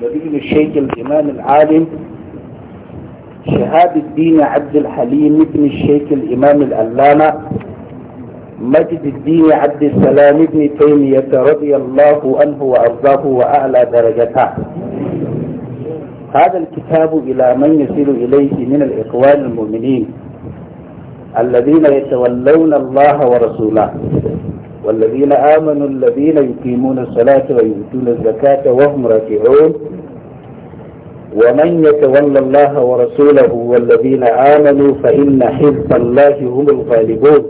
بن الشيخ الإمام العالم شهاب الدين عبد الحليم بن الشيخ الإمام الألامة مجد الدين عبد السلام بن تيمية رضي الله عنه وأرضاه وأعلى درجته هذا الكتاب إلى من يصل إليه من الإخوان المؤمنين الذين يتولون الله ورسوله والذين آمنوا الذين يقيمون الصلاة ويؤتون الزكاة وهم راكعون ومن يتولى الله ورسوله والذين آمنوا فإن حزب الله هم الغالبون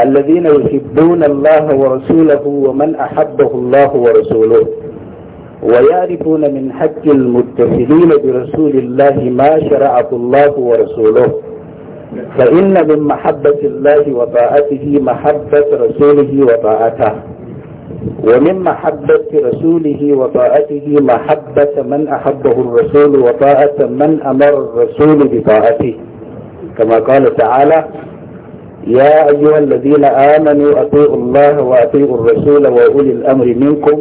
الذين يحبون الله ورسوله ومن أحبه الله ورسوله ويعرفون من حق المتصلين برسول الله ما شرعه الله ورسوله فإن من محبة الله وطاعته محبة رسوله وطاعته ومن محبة رسوله وطاعته محبة من أحبه الرسول وطاعة من أمر الرسول بطاعته كما قال تعالى يا أيها الذين آمنوا أطيعوا الله وأطيعوا الرسول وأولي الأمر منكم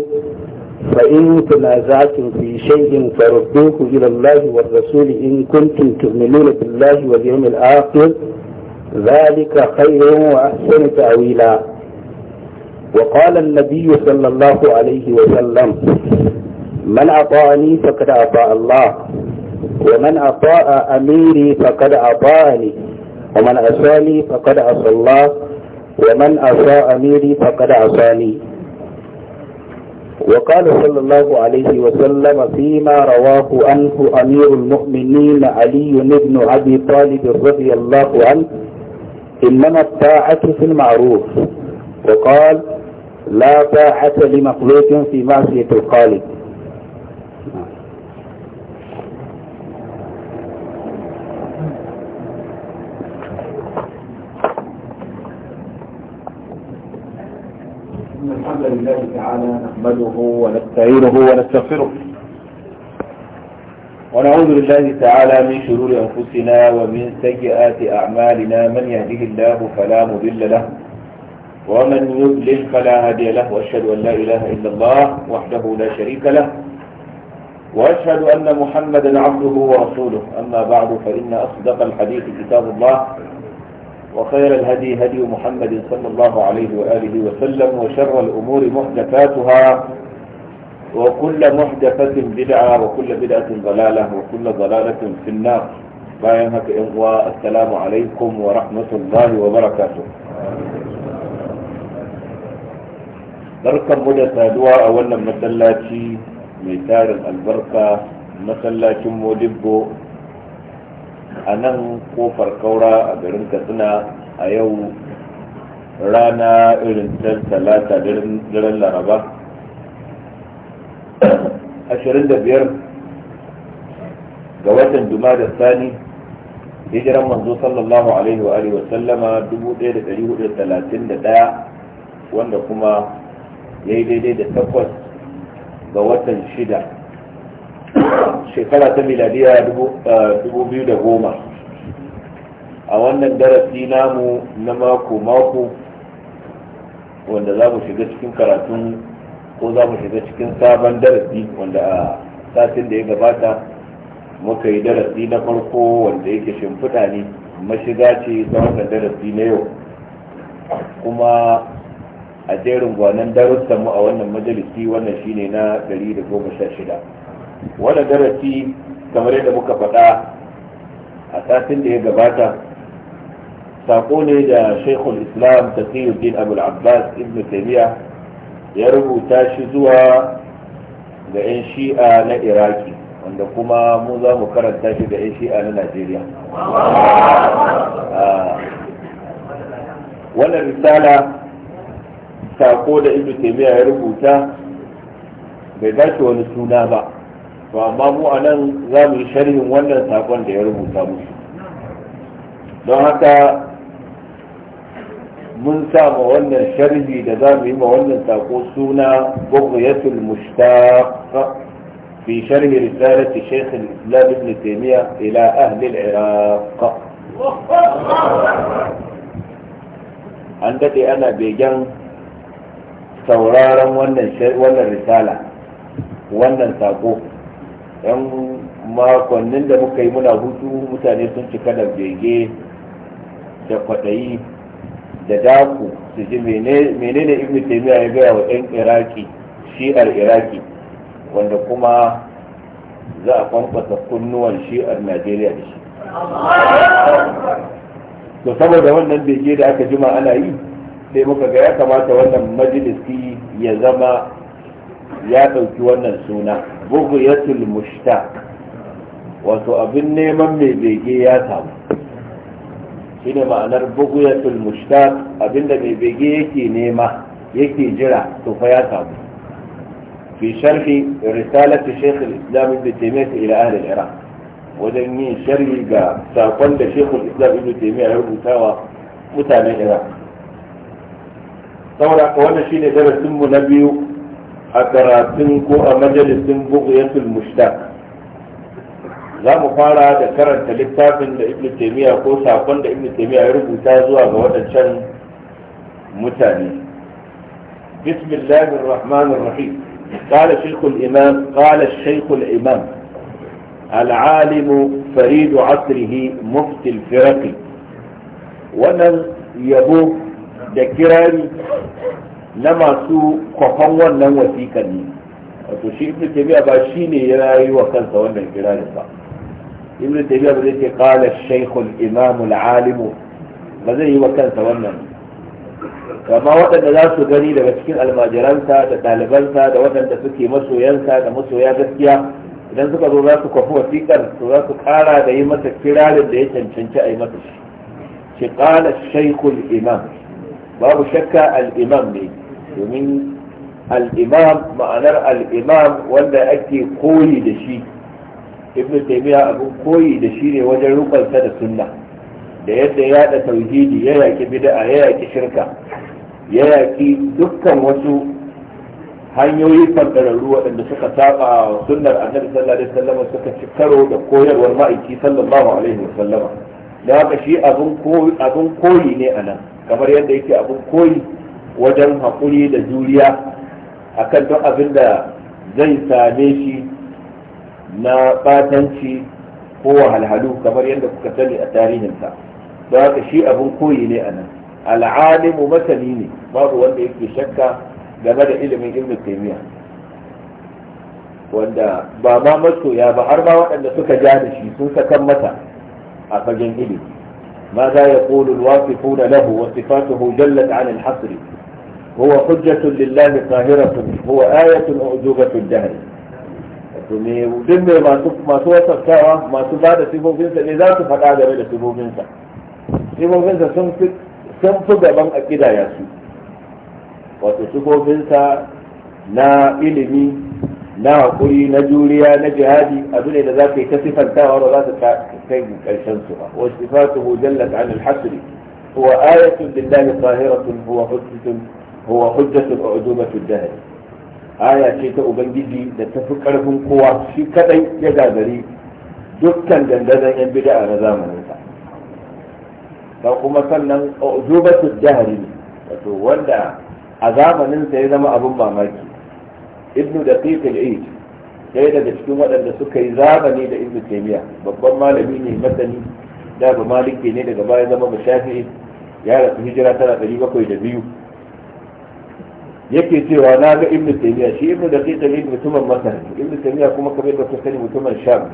فإن تنازعتم في شيء فردوه إلى الله والرسول إن كنتم تؤمنون بالله واليوم الآخر ذلك خير وأحسن تأويلا وقال النبي صلى الله عليه وسلم من أطاعني فقد أطاع الله ومن أطاع أميري فقد أطاعني ومن أساني فقد أصى الله ومن أساء أميري فقد أصاني وقال صلى الله عليه وسلم فيما رواه عنه أمير المؤمنين علي بن أبي طالب رضي الله عنه إنما الطاعة في المعروف وقال لا طاعة لمخلوق في معصية الخالق الحمد لله تعالى نحمده ونستعينه ونستغفره ونعوذ بالله تعالى من شرور أنفسنا ومن سيئات أعمالنا من يهده الله فلا مضل له ومن يضلل فلا هادي له وأشهد أن لا إله إلا الله وحده لا شريك له وأشهد أن محمدا عبده ورسوله أما بعد فإن أصدق الحديث كتاب الله وخير الهدي هدي محمد صلى الله عليه وآله وسلم وشر الأمور محدثاتها وكل محدثة بدعة وكل بدعة ضلالة وكل ضلالة في النار بايمك إغواء السلام عليكم ورحمة الله وبركاته بركة مدى دواء أولا مسلاتي ميتار البركة مسلاتي مدبو a nan kofar kaura a garin katsina a yau rana irin ta talata daren laraba 25 ga watan juma da sani hijiran manzo sallallahu alaihi wa alihi sallama 1431 wanda kuma ya yi daidai da takwas ga watan shida shekara ta miladiya goma a wannan darasi namu na mako-mako wanda za mu shiga cikin karatun ko za mu shiga cikin sabon darasi wanda a satin da ya gabata muka yi darasi na farko wanda yake shimfiɗa ne mashiga ce ta wannan darasi na yau kuma a jerin gwanon darussanmu a wannan majalisi wannan shine na shida. wani darasi kamar yadda muka faɗa a satin da ya gabata sako ne da shaikhul islam din abul abbas ibn taymiya ya rubuta shi zuwa ga 'yan shi'a na iraki wanda kuma mu za mu karanta shi ga 'yan shi'a na najeriya ah, wannan risala sako da ibn taymiya ya rubuta bai dace wani suna ba to amma mu a nan za mu yi sharhin wannan sakon da ya rubuta musu don haka mun sa ma wannan sharhi da za mu yi ma wannan sako suna bughyatul mushtaq fi sharhi risalati shaykh al-islam ibn taymiyyah ila ahli al-iraq an dade ana begen sauraron wannan wannan risala wannan sako yan makonnin da muka yi muna hutu mutane sun cika da bege da kwaɗayi da daku su ji menene ibn taymiya ya gaya wa yan iraki shi'ar iraki wanda kuma za a kwamfasa kunnuwan shi'ar najeriya da shi to saboda wannan bege da aka jima ana yi sai muka ga ya kamata wannan majalisi ya zama ya ɗauki wannan suna بغية المشتاق وتؤبني من بيجي يا تام هنا معنى بغية المشتاق أبن من بيجي يكي نيمة يكي جرع تفيا تام في شرح رسالة شيخ الإسلام ابن تيمية إلى أهل العراق ودني شرح ساقل شيخ الإسلام ابن تيمية المتاوى متابعنا ثورة وانا شيني درس نبيو a karatun ko a majalisin bughyatul mushtaq za mu fara da karanta littafin da ibn taymiya ko sakon da ibn taymiya ya rubuta zuwa ga waɗancan mutane bismillahir rahmanir rahim qala shaykhul imam qala shaykhul imam العالم فريد عصره مفتي الفرق wannan yabo da kirari na masu kwafan wannan wasiƙar ne wato shi ibn tabi'a ba shi ne ya yi wa kansa wannan kirarin ba ibn tabi'a ba zai ce qala shaykhul imam al ba zai yi wa kansa wannan kama waɗanda za su gani daga cikin almajiransa da ɗalibansa da waɗanda suke masoyansa da masoya gaskiya idan suka zo za su kwafi wasiƙar to za su ƙara da yi masa kirarin da ya cancanci a yi masa shi shi ƙala shaikul imam babu shakka al-imam ne domin al'imam ma'anar al'imam wanda ake koyi da shi ibn taymiya abin koyi da shi ne wajen rukunsa da sunna da yadda da tauhidi ya yaki bid'a ya yaki shirka ya yaki dukkan wasu hanyoyi fantararru waɗanda suka saba wa sunnar annabi sallallahu alaihi wasallam suka ci karo da koyarwar ma'aiki sallallahu alaihi wasallama da haka shi abin koyi ne a nan kamar yadda yake abin koyi wajen haƙuri da juriya kan duk abin da zai same shi na batanci ko wahalhalu kamar yadda kuka sani a tarihinsa don haka shi abin koyi ne a nan al'alimu masani ne babu wanda yake shakka game da ilimin ibn taymiya wanda ba ma masoya ba har ma waɗanda suka ja da shi sun sakan mata a fagen ilimi ماذا يقول الواقفون له وصفاته جلت عن الحصر هو حجة لله قاهرة هو آية أعجوبة الدهر تمي ودم ما سوف ما سوف تكوا ما سوف بعد سيفو فينسا إذا سوف هذا بعد سيفو فينسا سيفو فينسا سمت سمت بمن أكيد يا سو وتسيفو فينسا نا إلمي نا قري نا جوليا نا جهادي إذا ذاك يكسف التاوى ولا تكاين كيشان سوى واستفاته جلت عن الحسر هو آية لله طاهرة هو حسر huwa hujjatul ujubatud dahr aya ce ta ubangiji da ta fi karfin kowa shi kadai ya gari dukkan dandazon yan bid'a na zamaninsa da kuma sannan ujubatud ne wato wanda a zamaninsa ya zama abin mamaki ibnu daqiq al-eid ɗaya daga cikin waɗanda suka yi zamani da ibnu taymiya babban malami ne masani da ba maliki ne daga baya zama bashafi ya rasu hijira tana ɗari bakwai da biyu yake cewa na ga ibnu taymiya shi ibnu da kai tabi mutumin masar ibnu taymiya kuma kamar da kuka sani mutumin sham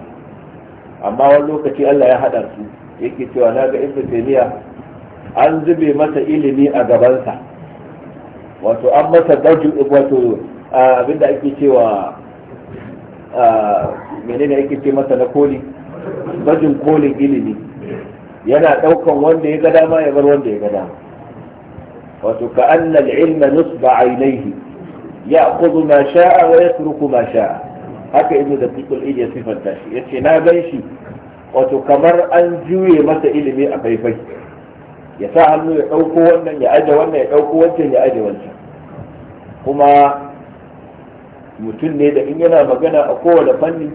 amma wani lokaci Allah ya hada su yake cewa na ga ibnu taymiya an zube masa ilimi a gabansa wato an masa daju wato abinda ake cewa menene ake ce masa na koli bajin kolin ilimi yana daukan wanda ya ga dama ya bar wanda ya ga dama wato ka annal ilma nusba ainihi ya kudu ma sha'a wa ya turku ma sha'a haka ibnu da tukul ya sifanta shi ya ce na gan shi wato kamar an juye masa ilimi a faifai ya sa hannu ya ɗauko wannan ya aje wannan ya ɗauko wancan ya aje wancan kuma mutum ne da in yana magana a kowane fanni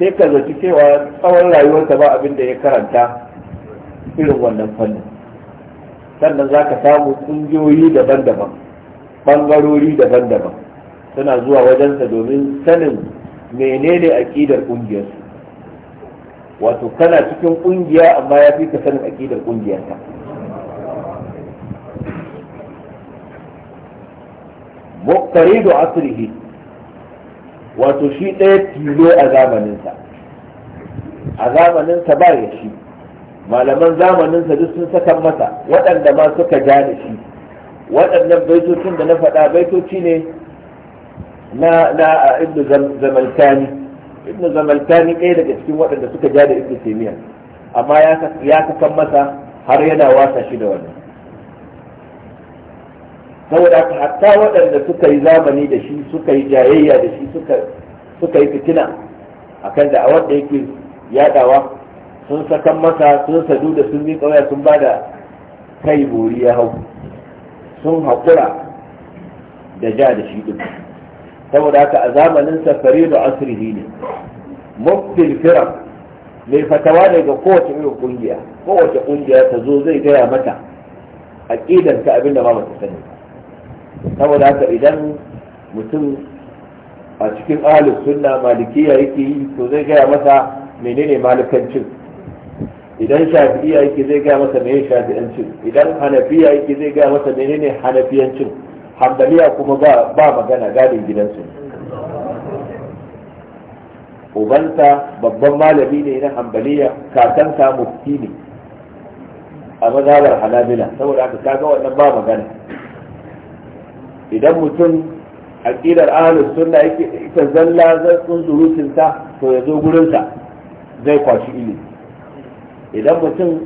sai ka zaci cewa tsawon rayuwarsa ba abin da ya karanta irin wannan fannin sannan za ka samu ƙungiyoyi daban-daban ɓangarori daban-daban suna zuwa wajensa domin sanin menene aƙidar ƙungiyarsu wato kana cikin ƙungiya amma ya fi ka sanin aƙidar ƙungiyarka muqtaridu asrihi wato shi ɗaya tilo a zamaninsa a zamaninsa ba ya shi malaman zamaninsa duk sun saka masa waɗanda ma suka ja da shi waɗannan baitocin da na faɗa baitoci ne na na ibnu zamalkani ibnu zamalkani ɗaya daga cikin waɗanda suka ja da ibnu taymiya amma ya saka masa har yana wasa shi da wannan saboda hatta waɗanda suka yi zamani da shi suka yi jayayya da shi suka yi fitina akan da a wanda yake yadawa sun sakan masa sun sadu da sun yi waya sun bada kai bori ya hau sun haƙura da ja da shi ɗin saboda haka a zamanin safari da asirihi ne muftil firam mai fatawa daga kowace irin kungiya kowace kungiya ta zo zai gaya mata ƙidanta abinda ma bata sani saboda haka idan mutum a cikin ahalus sunna malikiya yake yi to zai gaya masa menene malikancin idan shafi'iya yake zai gaya masa meye shafi'ancin idan hanafiya yake zai gaya masa menene hanafiyancin hambaliya kuma ba magana gadin gidansu ubanta babban malami ne na hambaliya kakanta mufti ne a mazhabar hanabila saboda haka kaga wannan ba magana idan mutum aqidar ahlus sunna yake ita zalla zan surutun ta to ya zo gurin sa zai kwashi ilimi idan mutum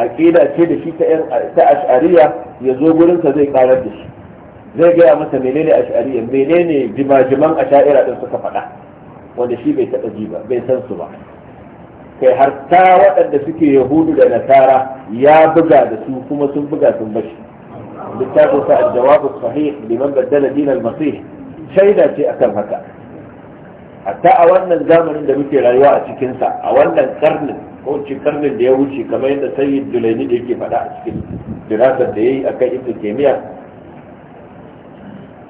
aƙida ce da shi ta ash'ariya ya zo wurinsa, zai karar da shi zai gaya masa menene ash'ariya menene jimajiman ash'ariya din suka faɗa wanda shi bai taɓa ji ba bai san su ba kai har ta waɗanda suke yahudu da nasara ya buga da su kuma sun buga sun bashi littafin sa al-jawabu sahih liman baddala din al-masih shaida ce akan haka hatta a wannan zamanin da muke rayuwa a cikinsa a wannan karnin ko karnin da ya wuce kamar yadda sayyid julaini da yake faɗa a cikin dirasar da ya yi akan ibn taymiya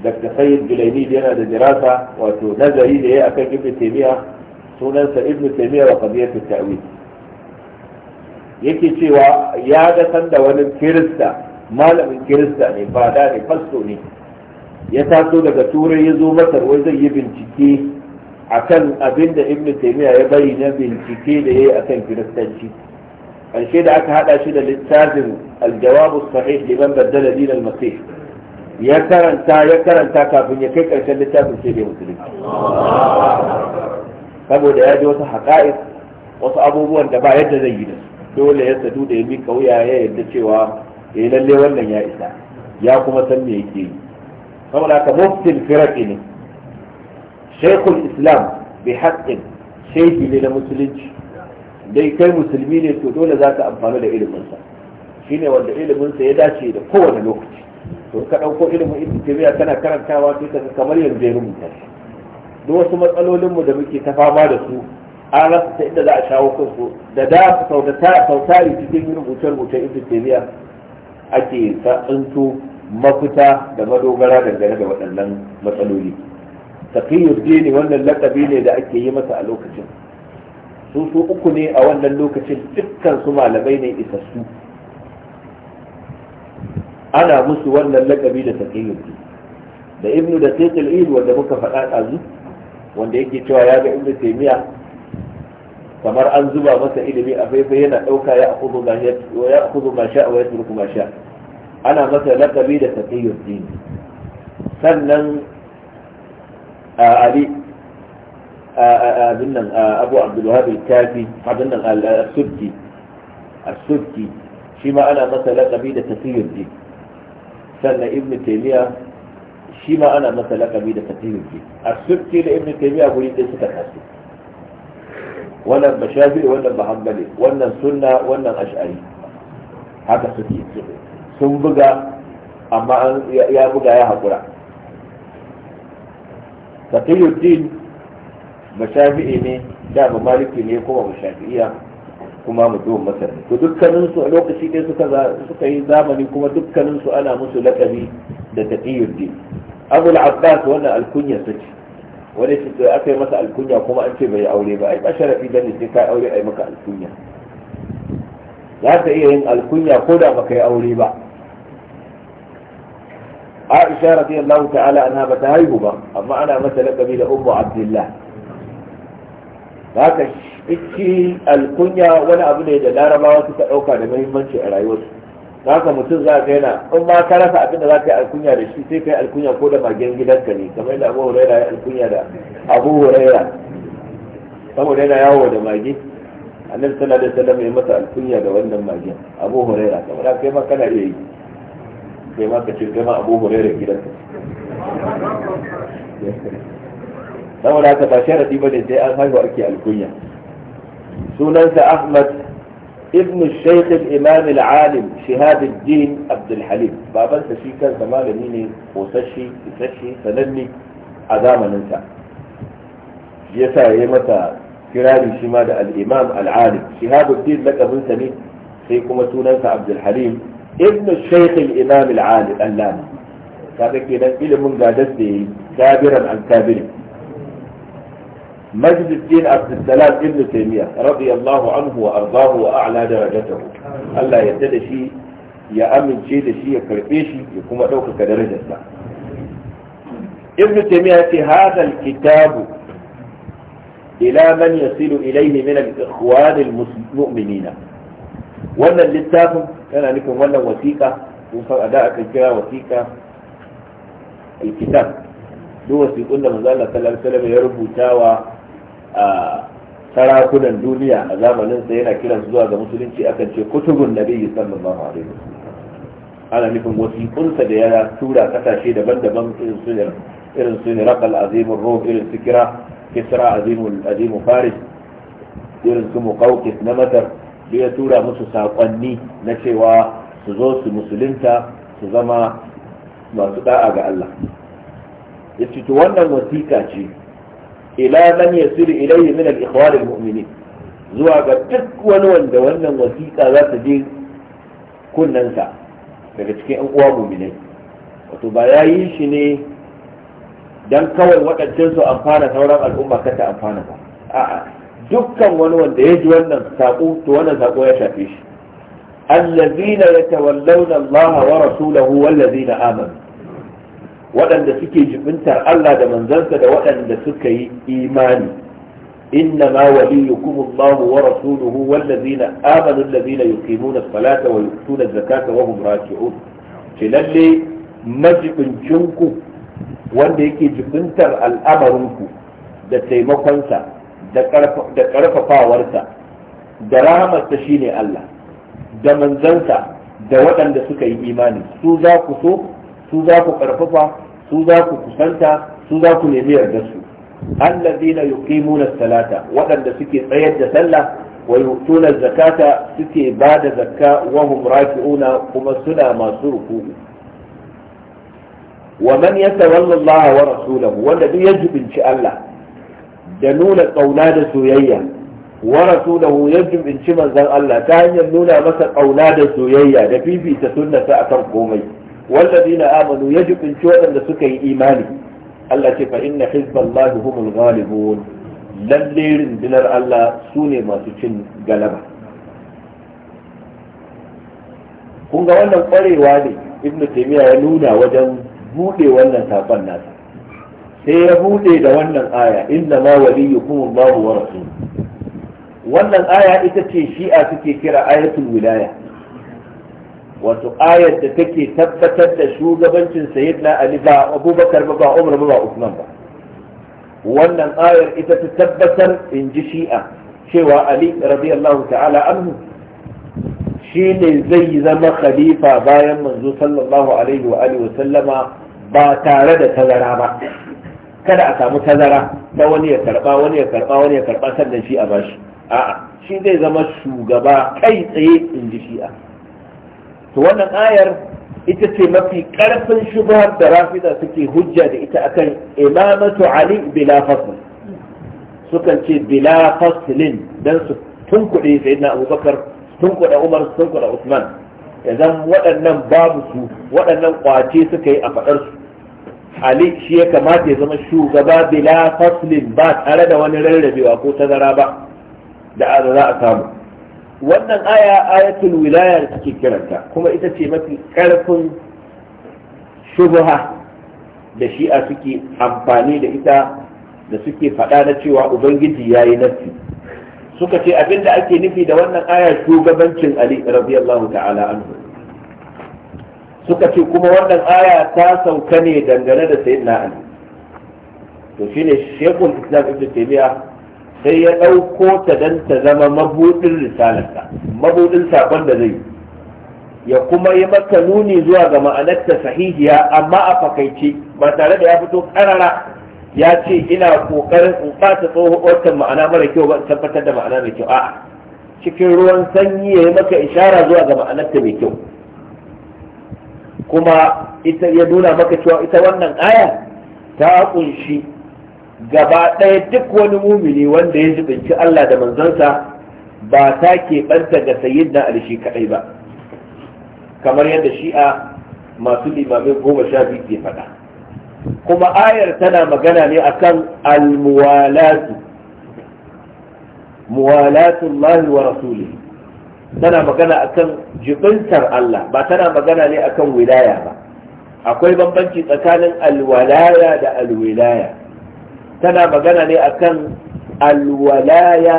dr sayyid julaini yana da dirasa wato nazari da ya yi akan ibn taymiya sunansa ibn taymiya wa qadiyatu ta'wil yake cewa ya ga sanda wani kirista malamin kirista ne fada ne fasto ne ya taso daga turai ya zo masar wai zai yi bincike akan abin da ibn taymiya ya bari na bincike da yayi akan kiristanci ƙarshe da aka hada shi da littafin aljawabu sahih liman baddala din al-masih ya karanta ya karanta kafin ya kai karshen littafin sai da musulunci saboda ya ji wasu haƙa'is wasu abubuwan da ba yadda zai yi da dole ya sadu da ya bi kauya ya yadda cewa ya eh, lalle wannan ya isa ya kuma san me yake yi saboda aka muftin firaki ne shaykhul islam bi haqqin shaykhi ne na musulunci dai kai musulmi ne to dole za ka amfana da iliminsa shine wanda iliminsa ya dace da kowane lokaci to ka ɗauko ilimin ibn tabiya kana karantawa sai ka kamar yanzu ya rubuta duk wasu matsalolin mu da muke ta fama da su an rasa ta inda za a shawo kansu da da sautari cikin rubuce rubuce ibn tabiya ake tsinto mafita da madogara dangane da waɗannan matsaloli dini wannan lakabi ne da ake yi masa a lokacin su su uku ne a wannan lokacin dukkan su malamai ne isassu ana musu wannan lakabi da taqiyuddin da ibnu da taqil wanda muka faɗa ɗazu wanda yake cewa ya ga ibnu taymiya kamar an zuba masa ilimi a faifai yana ɗauka ya akudu ma sha wa ya turku ma sha ana masa lakabi da taqiyyuddin sannan ali abin nan abu abdulwahab al-kafi abin nan al-subki al shi ma ana masa laqabi da tafiyuddin sannan ibnu taymiya shi ma ana da suka taso wannan bashafi wannan bahabbali wannan sunna wannan ash'ari haka suke sun buga amma ya buga ya haƙura taqiyuddin mashafi'i ne da ba maliki ne kuma mashafi'iya kuma mutumin masar ne to dukkanin su a lokaci ɗaya suka suka yi zamani kuma dukkanin su ana musu laƙabi da taqiyuddin abul abbas wannan alkunya sace wani shi to aka yi masa alkunya kuma an ce bai aure ba ai ba sharafi da ne sai ka aure ai maka alkunya za ka iya yin alkunya ko da baka yi aure ba aisha radiyallahu ta'ala anha ba ta haihu ba amma ana mata lakabi da ummu abdullah haka shi alkunya wani abu ne da larabawa suka dauka da muhimmanci a rayuwarsu haka mutum za ka yana in ma ka rasa abin da za ka yi alkunya da shi sai ka yi alkunya ko da magen gidanka ne kamar yadda abu huraira ya alkunya da abu huraira saboda yana yawo da mage annabi sallallahu alaihi wasallam ya masa alkunya da wannan magen abu huraira saboda kai ma kana iya yi كما تشير كما أبو هريرة كده لو لا تباشرة بني زي أنهاي وأكي الكنية سننسى أحمد ابن الشيخ الإمام العالم شهاد الدين عبد الحليم بابا سشي كان زمان ميني وسشي سشي سنني عذاما ننسى يسا يمتى كرامي شمال الإمام العالم شهاد الدين لك من سنين سيكم سننسى عبد الحليم ابن الشيخ الامام العالم al كذلك allama من kenan كابرا عن كابر yayi مجد الدين عبد السلام ابن تيمية رضي الله عنه وأرضاه وأعلى درجته الله يدد شيء يا أمن شيء شيء كرفيش يكون أدوك كدرجة ابن تيمية هذا الكتاب إلى من يصل إليه من الإخوان المؤمنين wannan littafin yana nufin wannan wasiƙa ko fa da aka kira wasiƙa alkitab duk wasiƙun da manzo Allah sallallahu alaihi wasallam ya rubuta wa a sarakunan duniya a zamanin sa yana kiran zuwa ga musulunci akan ce kutubun nabiyyi sallallahu alaihi wasallam ana nufin wasiƙunsa da ya tura kasashe daban-daban irin su irin su Iraqal Azim ar-ruh irin su Kira Kisra Azim Azim Faris irin su Muqawqis na Masar duk ya tura musu saƙonni na cewa su zo su musulunta su zama masu da'a ga Allah ya to wannan wasiƙa ce ila ya yasiru ilayhi min al-ikhwan al-mu'minin zuwa ga duk wani wanda wannan wasiƙa za ta je kunnansa daga cikin 'yan uwa mu'minai wato ba ya yi shi ne dan kawai waɗancansu su amfana sauran al'umma kata amfana ba a'a dukkan wani wanda ya ji wannan saƙo to wannan saƙo ya shafe shi allazina yatawallawna Allah wa rasulahu wallazina amanu waɗanda suke jibintar Allah da manzansa da waɗanda suka yi imani inna ma waliyukum Allah wa rasuluhu wallazina amanu allazina yuqimuna as-salata wa yu'tuna az-zakata wa hum raki'un ce lalle majibincinku wanda yake jibintar al'amarinku da taimakonsa da ƙarfafawarsa da rahamarsa shine Allah da manzansa da waɗanda suka yi imani su za ku so su za ku ƙarfafa su za ku kusanta su za ku nemi yarda su allazina yuqimuna salata waɗanda suke tsayar da sallah wa yu'tuna zakata suke ba da zakka wa raki'una kuma suna masu ruku'u wa man yatawalla Allah wa rasulahu wanda duk ya Allah da nuna ƙauna da soyayya wa rasulahu ya ci manzon Allah ta hanyar nuna masa ƙauna da soyayya da fifita sunnata akan komai wallazina amanu ya jibinci waɗanda suka yi imani Allah ce fa inna hizballahi humul ghalibun lalle rundunar Allah su ne masu cin galaba kun ga wannan kwarewa ne ibnu taymiya ya nuna wajen buɗe wannan saƙon nasa sai ya bude da wannan aya inna ma waliyukum Allahu wa rasuluhu wannan aya ita ce shi'a suke kira ayatul wilaya wato ayar da take tabbatar da shugabancin sayyidina Ali ba Abubakar ba ba Umar ba ba Usman ba wannan ayar ita ta tabbatar in ji shi'a cewa Ali radiyallahu ta'ala anhu shi ne zai zama khalifa bayan manzo sallallahu alaihi wa alihi wa sallama ba tare da tazara ba kada a samu tazara ta wani ya karba wani ya karba wani ya karba sannan shi a bashi a'a shi zai zama shugaba kai tsaye in ji shi'a to wannan ayar ita ce mafi karfin shubhar da rafida suke hujja da ita akan imamatu ali bila fasl sukan ce bila faslin dan su tunkuɗe sayyidina abubakar tunkuɗe umar tunkuɗe usman ya waɗannan babu su waɗannan kwace suka yi a faɗarsu ali shi ya kamata ya zama shugaba bila faslin ba tare da wani rarrabewa ko tazara ba da za a samu wannan aya ayatul wilaya da take kiranta kuma ita ce mafi karfin shubha da shi'a suke amfani da ita da suke faɗa na cewa ubangiji ya yi nafi suka ce abinda ake nufi da wannan aya shugabancin ali radiyallahu ta'ala anhu suka ce kuma wannan aya ta sauka ne dangane da sayin ali to shine shekul islam ibn taymiya sai ya ɗauko ta dan ta zama mabudin risalarsa mabudin sakon da zai ya kuma yi maka nuni zuwa ga ma'anarta sahihiya amma a fakaice ba tare da ya fito karara ya ce ina kokarin in ɓata tsohon ma'ana mara kyau ba tabbatar da ma'ana mai kyau a'a cikin ruwan sanyi ya yi maka ishara zuwa ga ma'anarta mai kyau kuma ita ya nuna maka cewa ita wannan aya ta kunshi gaba ɗaya duk wani mumini wanda ya zubinci Allah da manzansa ba ta keɓanta ga sayyidina ali shi kaɗai ba kamar yadda shi'a masu limamai goma sha biyu ke faɗa kuma ayar tana magana ne akan almuwalatu muwalatun Allah wa rasulihi tana magana akan jibintar Allah ba tana magana ne akan wilaya ba akwai bambanci tsakanin alwalaya da alwilaya tana magana ne akan alwalaya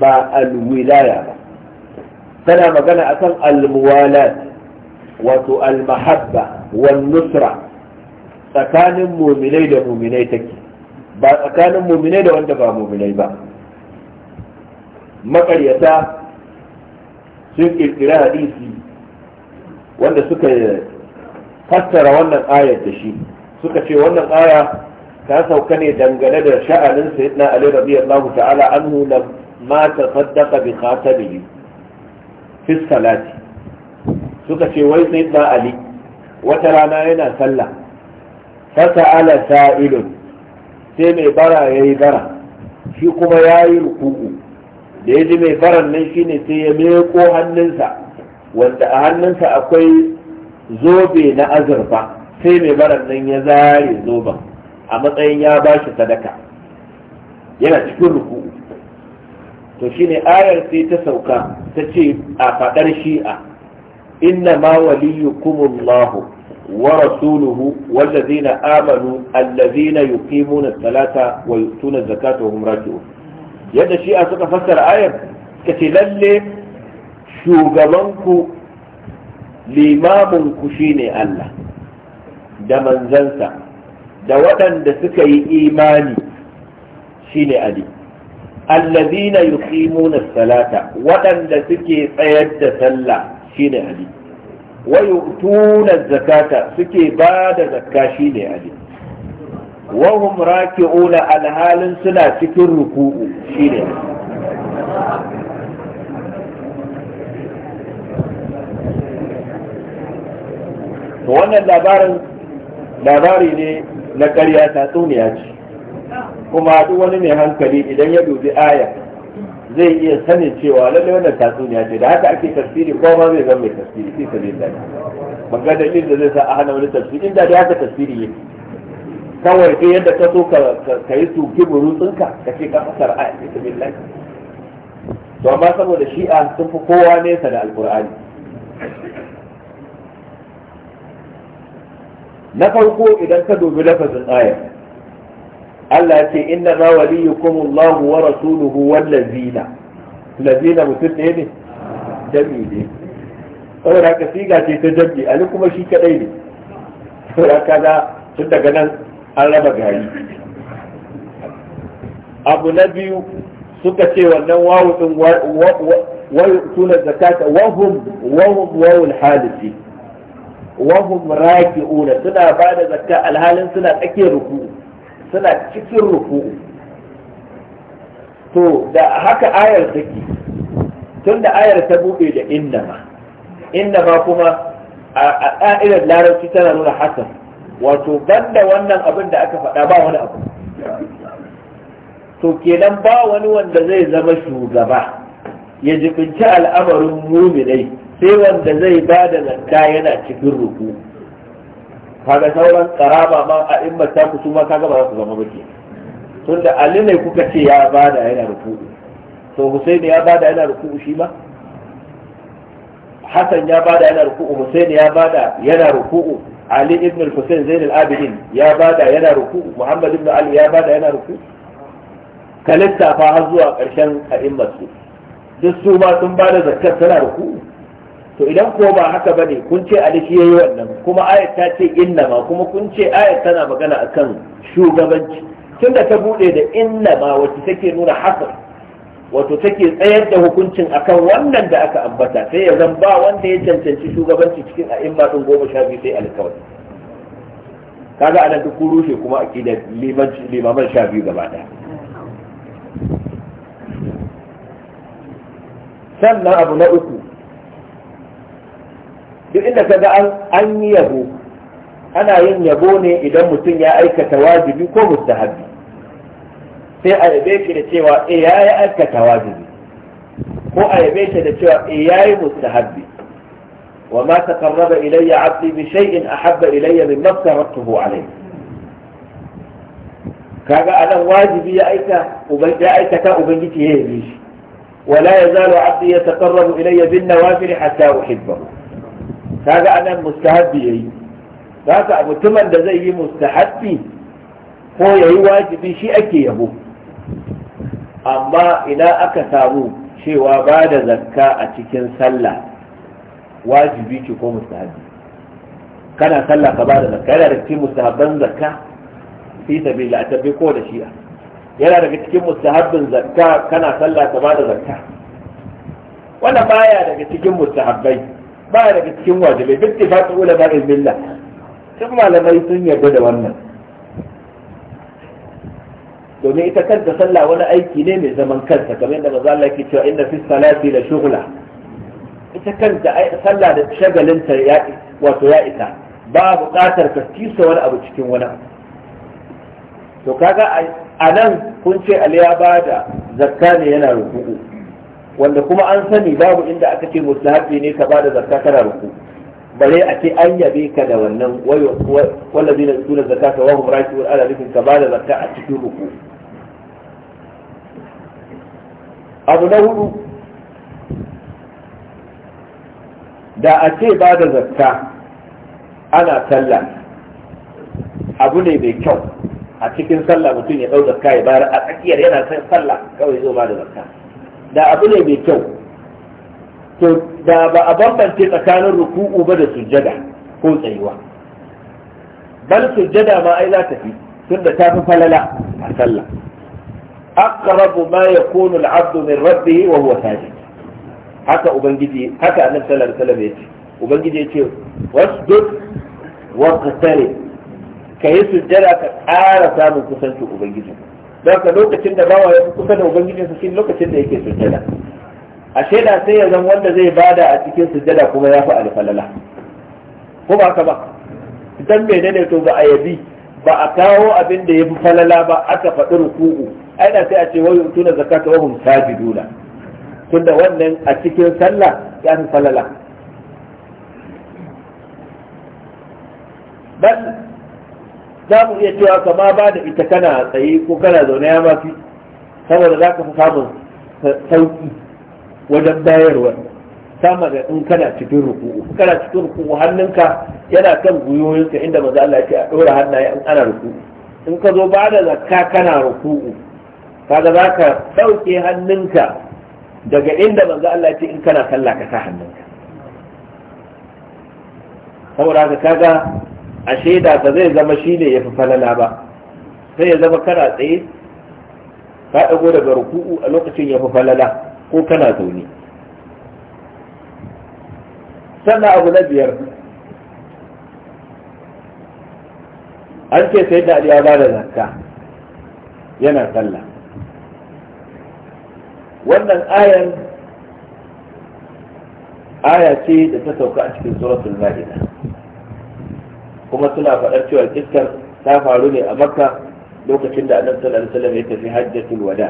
ba alwilaya ba tana magana akan almuwalat wato almahabba wan nusra tsakanin muminai da muminai take ba tsakanin muminai da wanda ba muminai ba maƙaryata sun kirkiri hadisi wanda suka fassara wannan ayar da shi suka ce wannan aya ta sauka ne dangane da sha'anin sayyidina ali radiyallahu ta'ala anhu na ma tasaddaqa bi khatamihi fi salati suka ce wai sayyidina ali wata rana yana sallah fasa'ala sa'ilun sai mai bara yayi bara shi kuma yayi ruku'u da ya ji mai faran nan shine sai ya meko hannunsa wanda a hannunsa akwai zobe na azurfa sai mai baran nan ya zare zoben a matsayin ya ba shi sadaka yana cikin ruku to shine ayar sai ta sauka ta ce a faɗar shi'a inna ma waliyukumullahu ورسوله والذين آمنوا الذين يقيمون الصلاة ويؤتون الزكاة وهم راجعون yadda shi'a suka fassara ayar ka ce lalle shugabanku shi ne Allah da manzansa da waɗanda suka yi imani ne Ali allazina yuqimuna salata waɗanda suke tsayar da sallah ne Ali wa yu'tuna zakata suke ba da zakka ne Ali wahum raki'una alhalin suna cikin ruku'u shine to wannan labarin labari ne na ƙarya tsuniya ce kuma duk wani mai hankali idan ya dubi aya zai iya sanin cewa lallai wannan tsuniya ce da haka ake tafsiri ko ma zai zama mai tafsiri fi sabilillah magana da zai sa a hana wani tafsiri inda da haka tafsiri yake kawai ke yadda ka so ka yi tuki burutsinka ka ce ka fasar a ita billahi to amma saboda shi'a sun fi kowa nesa da alkur'ani na farko idan ka dubi lafazin aya Allah ce inna ma waliyukum Allah wa rasuluhu wal lazina lazina mutum ne ne jami ne saboda ka siga ce ta jami ali kuma shi kadai ne saboda kaga tun daga nan an raba gari abu na biyu suka ce wannan wawu din wayutuna zakata wahum wahum wawul halisi wahum raki'una suna ba da zakka alhalin suna tsakiyar ruku'u suna cikin ruku'u to da haka ayar take tun da ayar ta buɗe da innama innama kuma a ƙa'idar larabci tana nuna hasan wato banda wannan abin da aka faɗa ba wani abu to kenan ba wani wanda zai zama shugaba ya jibinci al'amarin muminai sai wanda zai ba da zanta yana cikin ruku kaga sauran karaba ma a in ta ku su ma kaga ba za su zama baki tunda ali ne kuka ce ya ba da yana ruku to husain ya ba da yana ruku shi ma hasan ya ba da yana ruku husain ya ba da yana ruku ali ibn al-husayn zain al-abidin ya bada yana ruku muhammad ibn ali ya bada yana ruku ka lissafa har zuwa ƙarshen a'immar su duk su ma sun bada zakkar tana ruku to idan ko ba haka bane kun ce ali shi yayi wannan kuma ayat ta ce inna ma kuma kun ce ayat tana magana akan shugabanci tunda ta bude da inna ma wacce take nuna hasar wato take tsayar da hukuncin akan wannan da aka ambata sai ya zan ba wanda ya cancanci shugabanci cikin a'imma din goma sha biyu sai alkawari kaga anan duk rushe kuma akidar limaman sha biyu gaba daya sannan abu na uku duk inda ka ga an yi yabo ana yin yabo ne idan mutum ya aikata wajibi ko mustahabi sai a yabe shi da cewa eh, ya yi aikata wajibi ko a yabe shi da cewa eh yayi mustahabbi wa ma taqarraba ilayya 'abdi bi shay'in ahabba ilayya mimma tarattuhu alai kaga anan wajibi ya aika uban ya aikata ubangiji ya yabe shi ولا يزال عبدي يتقرب إلي بالنوافل حتى أحبه kaga anan mustahabbi yayi zaka mutumin da zai yi mustahabbi ko yayi wajibi shi ake yabo amma idan aka samu cewa ba da zakka a cikin sallah wajibi ce ko mustahabi kana sallah ka ba da zakka yana da cikin mustahabban zakka fi sabila a tabbe ko da shi'a yana daga cikin mustahabbin zakka kana sallah ka ba da zakka wannan baya daga cikin mustahabbai baya daga cikin wajibai duk da fatu ulama ilmillah duk malamai sun yarda da wannan domin ita kanta sallah wani aiki ne mai zaman kansa kamar yadda manzo Allah yake cewa inna fi salati la shughla ita kanta sallah da shagalinta ya wato ya ita ba buƙatar ka kisa wani abu cikin wani to kaga a nan kun ce ali ya bada zakka ne yana ruku'u wanda kuma an sani babu inda aka ce mustahabi ne ka bada zakka kana ruku bare a ce an yabe ka da wannan wallazi na tsuna zakka wa hum raki'un ala rifin ka bada zakka a cikin ruku. abu na hudu da a ce ba da zakka ana sallah abu ne mai kyau a cikin sallah mutum ya ɗauka zakka ya bayar a tsakiyar yana son sallah kawai zo ba da zakka da abu ne mai kyau to da ba a bambance tsakanin ruku'u ba da sujjada ko tsayuwa bal sujjada ma ai za ta fi tunda ta fi falala a sallah aqrabu ma yakunu al-'abdu min rabbih wa huwa sajid haka ubangiji haka annabi sallallahu alaihi wasallam yace ubangiji yace wasdud wa qtari kai sujjada ka ƙara samun kusancin ubangiji don lokacin da bawa ya kusa da ubangijinsa shi lokacin da yake sujjada a shaida sai ya zan wanda zai bada a cikin sujjada kuma ya fi ko ba menene to ba a yabi ba a kawo abin da ya fi falala ba aka faɗi ruku'u ai da sai a ce wayu tuna zakata wa hum sajiduna tunda wannan a cikin sallah ya fi falala dan za mu iya cewa kama ba da ita kana tsaye ko kana zaune ya mafi saboda za ka fi samun sauki wajen bayarwa sama da in kana cikin ruku'u kana cikin ruku'u hannunka yana kan guyoyinka inda maza Allah yake a ɗora hannaye in ana ruku'u in ka zo ba da zakka kana ruku'u kaga za ka ɗauke hannunka daga inda maza Allah yake in kana sallah ka sa hannunka saboda haka kaga a shaida ba zai zama shine ya fi falala ba sai ya zama kana tsaye ka ɗago daga ruku'u a lokacin ya fi falala ko kana zaune sannan abu na biyar an ce sai da Ali ya ba da zakka yana sallah wannan ayan aya ce da ta sauka a cikin suratul ma'ida kuma suna faɗar cewa iskar ta faru ne a makka lokacin da annabi sallallahu alaihi wasallam ya tafi hajjatul wada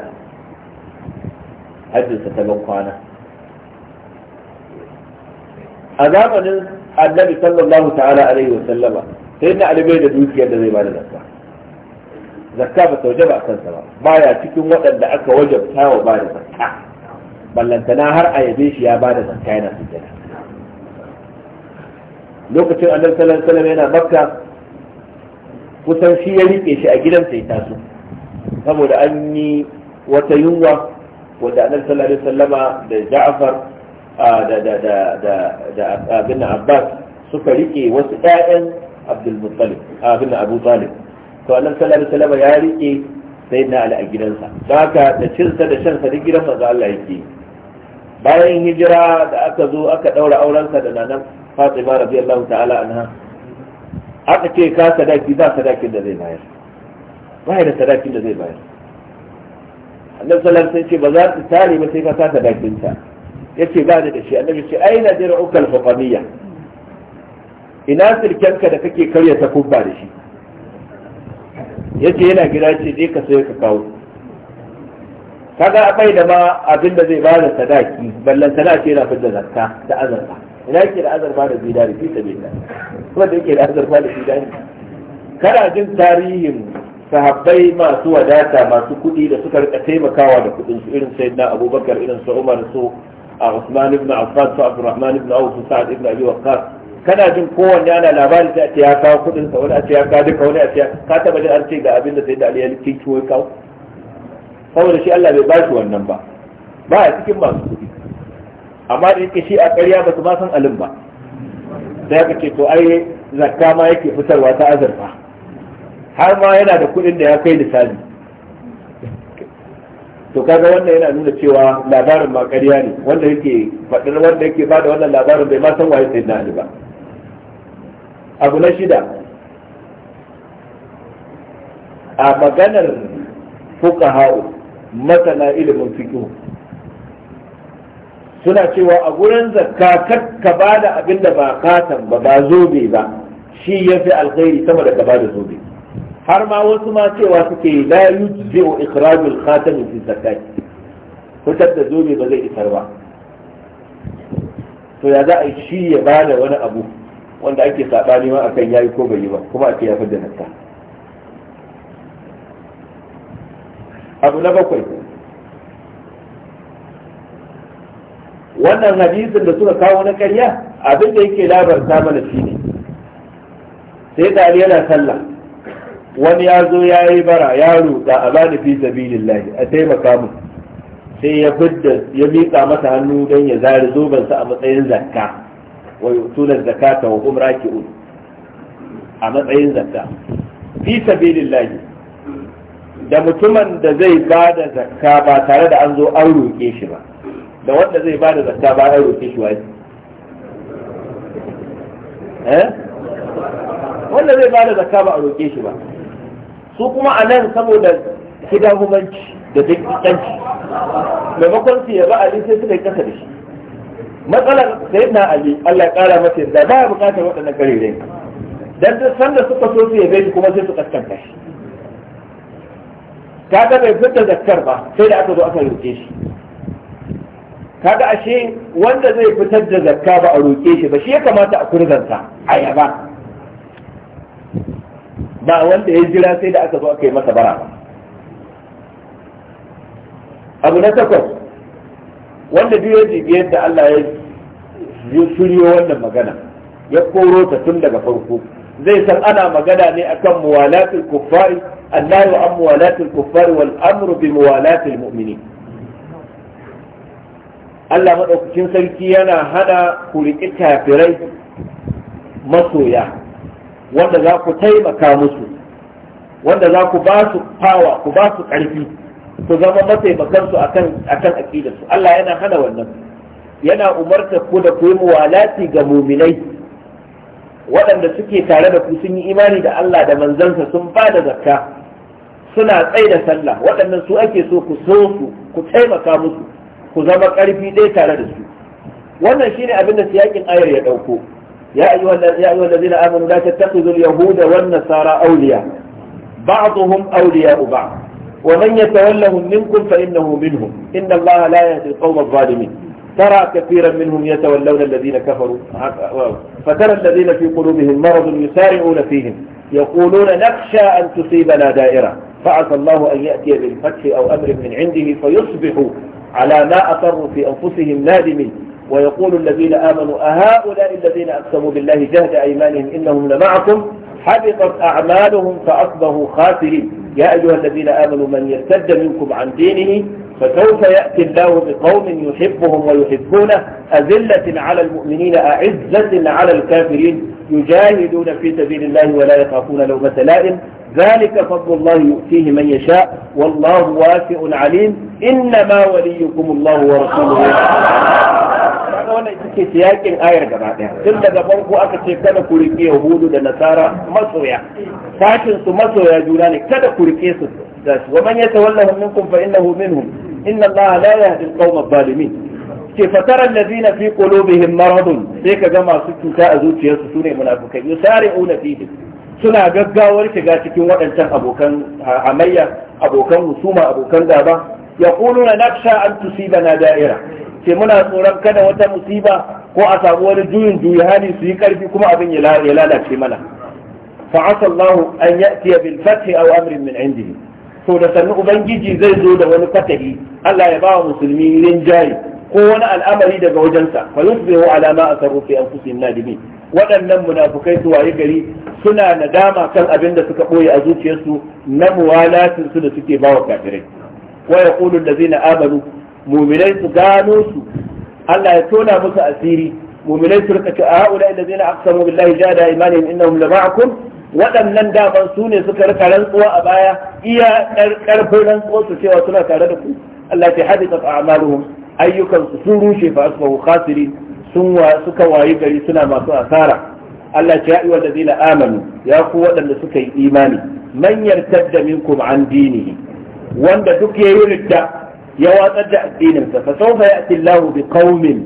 hajjinsa ta ban kwana a zamanin annabi sallallahu ta'ala alaihi wa sallama sai na alibai da dukiyar da zai bada zakka zakka ba ta ba a kansa ba baya cikin waɗanda aka wajabta wa ba da zakka ballantana har a yabe shi ya bada zakka yana sujjada lokacin annabi sallallahu alaihi wasallam yana makka kusan shi ya rike shi a gidansa ya taso saboda an yi wata yunwa wanda annabi sallallahu alaihi wasallama da Ja'far da abin abbas suka rike wasu 'ya'yan abin abu talib to annan sallallahu salama ya rike sai na ala a gidansa don haka da cinsa da shansa da gidansa za Allah yake bayan hijira da aka zo aka daura aurensa da nanan Fatima radiyallahu ta'ala anha aka ce ka sadaki ba sadakin da zai bayar ba da sadakin da zai bayar annabi sallallahu alaihi wasallam ce ba za ta tare ba sai ka sa sadakin ta yace ba da shi annabi ce aina dir'uka al-fatamiyya ina sirkenka da kake karya ta kubba da shi yace yana gida ce je ka sai ka kawo kaga akwai da ma abin da zai bada sadaki ballan sadaki yana fitar zakka da azarfa ina yake da azarfa da zidari fi sabilillah kuma da yake da azarfa da zidari kana jin tarihin sahabbai masu wadata masu kuɗi da suka rika taimakawa da kuɗin su irin sayyidina abubakar irin su umar su a Usman ibn Affan su Abdurrahman ibn Auf su Sa'ad ibn Abi Waqqas kana jin kowanne ana labarin da ya kawo kudin sa wani a ya kawo duka wani a ce ka taba jin an ce ga abin da sai da Ali ya kinto ka kawo saboda shi Allah bai bashi wannan ba ba a cikin masu kudi amma da yake shi a ƙarya ba su ba san alim ba sai aka ce to ai zakka ma yake fitarwa ta azurfa har ma yana da kudin da ya kai lisani to kaga wannan yana nuna cewa labarin ma ƙarya ne wanda yake faɗin wanda yake bada wannan labarin bai ma san waye sai na ba abu na shida a maganar hau masana ilimin fiƙo suna cewa a gurin zakka ka bada abin da ba katan ba ba zobe ba shi yafi alkhairi sama da ka da zobe har ma wasu ma cewa suke la yujzi'u ikhrajul khatam fi zakat fitar da zobe ba zai isar ba to ya za a shi ya bada wani abu wanda ake sabani ma akan yayi ko bai yi ba kuma ake ya da nakka abu na bakwai wannan hadisin da suka kawo na karya abin da yake labarta mana shi ne sai da yana sallah wani ya zo ya yi bara ya ruda a bani fi sabilillahi a taimaka mu sai ya fidda ya miƙa masa hannu don ya zari zobensa a matsayin zakka wa zakka ta wa hum raki'un a matsayin zakka fi sabilillahi da mutumin da zai ba da zakka ba tare da an zo an roƙe shi ba da wanda zai ba da zakka ba an roƙe shi wani eh? wanda zai ba da zakka ba a roƙe shi ba su kuma a nan saboda hidahumanci da dakikanci maimakon su yaba ali sai suka yi kasa da shi matsalar sai na ali Allah ya kara masa yarda ba ya bukatar waɗannan karerai dan duk sanda suka so su yabe shi kuma sai su kaskanta shi ga bai fitar zakkar ba sai da aka zo aka roƙe shi kaga ashe wanda zai fitar da zakka ba a roƙe shi ba shi ya kamata a kurzanta a yaba ba wanda ya jira sai da aka zo aka yi masa bara abu na takwas wanda duk ya yadda Allah ya shiryo wannan magana ya koro ta tun daga farko zai san ana magana ne akan muwalatul kuffari Allah wa an muwalatul kuffari wal amru bi muwalatul mu'minin Allah madaukakin sarki yana hada ku riƙi kafirai masoya wanda za ku taimaka musu wanda za ku ba su fawa ku ba su ƙarfi ku zama mataimakan su akan akan su Allah yana hana wannan yana umarta ku da ku yi muwalati ga muminai waɗanda suke tare da ku sun yi imani da Allah da manzansa sun ba da zakka suna tsaye da sallah waɗannan su ake so ku so su ku taimaka musu ku zama ƙarfi ɗaya tare da su wannan shine abin da siyakin ayar ya ɗauko يا أيها, يا أيها الذين آمنوا لا تتخذوا اليهود والنصارى أولياء بعضهم أولياء بعض ومن يتولهم منكم فإنه منهم إن الله لا يهدي القوم الظالمين ترى كثيرا منهم يتولون الذين كفروا فترى الذين في قلوبهم مرض يسارعون فيهم يقولون نخشى أن تصيبنا دائرة فعسى الله أن يأتي بالفتح أو أمر من عنده فيصبحوا على ما اقروا في أنفسهم نادمين ويقول الذين آمنوا أهؤلاء الذين أقسموا بالله جهد أيمانهم إنهم لمعكم حبطت أعمالهم فأصبحوا خاسرين يا أيها الذين آمنوا من يرتد منكم عن دينه فسوف يأتي الله بقوم يحبهم ويحبونه أذلة على المؤمنين أعزة على الكافرين يجاهدون في سبيل الله ولا يخافون لومة لائم ذلك فضل الله يؤتيه من يشاء والله واسع عليم إنما وليكم الله ورسوله wannan ita ce siyakin ayar gaba tun daga farko aka ce kada ku riƙe yahudu da nasara masoya su masoya juna ne kada ku kurke su da su wa man yatawallahu minkum fa innahu minhum inna Allah la yahdi al-qawma ke fatara alladhina fi qulubihim maradun sai ka ga masu cuta a zuciyarsu sune munafikai yusari'una fihi suna gaggawar shiga cikin waɗancan abokan amayya abokan husuma abokan gaba na naksha an na da'ira Ke muna tsoron kada wata musiba ko a samu wani juyin juyi hali su yi karfi kuma abin ya lalace mana فعسى الله أن يأتي بالفتح أو أمر من عنده to da sannu ubangiji zai zo da wani fatahi Allah ya bawa wa musulmi rinjaye ko wani al'amari daga wajensa fa yusbihu ala ma asarru fi anfusihim nadimin waɗannan munafukai su waye gari suna nadama kan abin da suka boye a zuciyarsu na muwalatin da suke bawa wa kafirai wa yaqulu allazina amanu mu'minai su gano su Allah ya tona musu asiri mu'minai su rika ta a'ula allazina aqsamu billahi jada imanihim innahum la ma'akum waɗannan daban su ne suka rika rantsuwa a baya iya ƙarfin rantsuwa su cewa suna tare da ku Allah ta hadisa a amaluhum ayyukan su sun rushe fa asbahu khasiri sun suka wayi gari suna masu asara Allah ta yi wanda zina amanu ya ku waɗanda suka yi imani man yartadda minkum an dinihi wanda duk yayi ridda ya watsar da addininsa fa sawfa ya'ti Allahu bi qaumin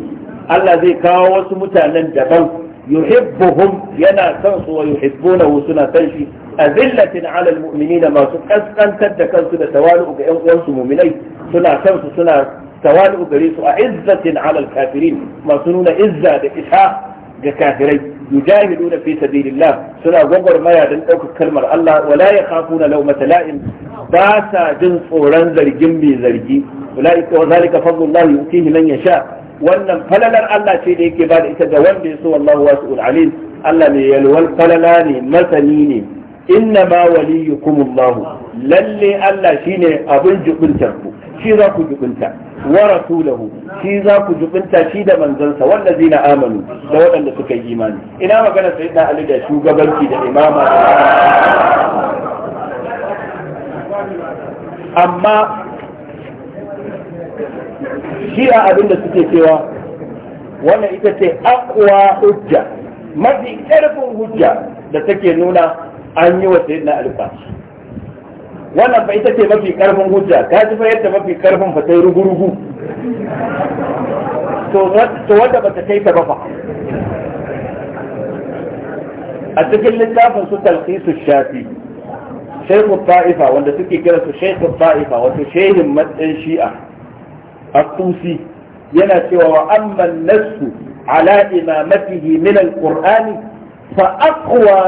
Allah zai kawo wasu mutanen daban yuhibbuhum yana son su na yuhibbunahu suna san shi azillatin ala almu'minina masu kaskantar da kansu da tawalu ga yan uwansu mu'minai suna san suna tawalu gare a izzatin ala alkafirin masu nuna izza da isha ga kafirai yujahiduna fisa sabilillah suna gwagwarmaya don ɗaukar kalmar Allah wala yakhafuna lawmata la'im ba sa jin tsoron zargin mai zargi ulaika wa zalika fadlullahi yutihi man yasha wannan falalar Allah ce da yake bada ita ga wanda ya so Allahu wasu alim Allah mai yalwal falala ne masani ne inna ma waliyukum Allah lalle Allah shine abin jubuntar ku shi za ku jubunta wa rasulahu shi za ku jubunta shi da manzansa wallazina amanu da waɗanda suka yi imani ina magana sai da Ali da shugabanci da imama amma shi'a abin da suke cewa wannan ita ce akwa hujja mafi ƙarfin hujja da take nuna an yi wa yadda ali fashi wannan fa ita ce mafi ƙarfin hujja ta ji fa yadda mafi ƙarfin fa yi rugu-rugu to wanda ba ta kai ta ba fa a cikin littafin su su shafi shaikun ta'ifa wanda suke kira su shaikun ta'ifa wato shehin matsayin shi'a الطوسي ينا سوى وأما النص على إمامته من القرآن فأقوى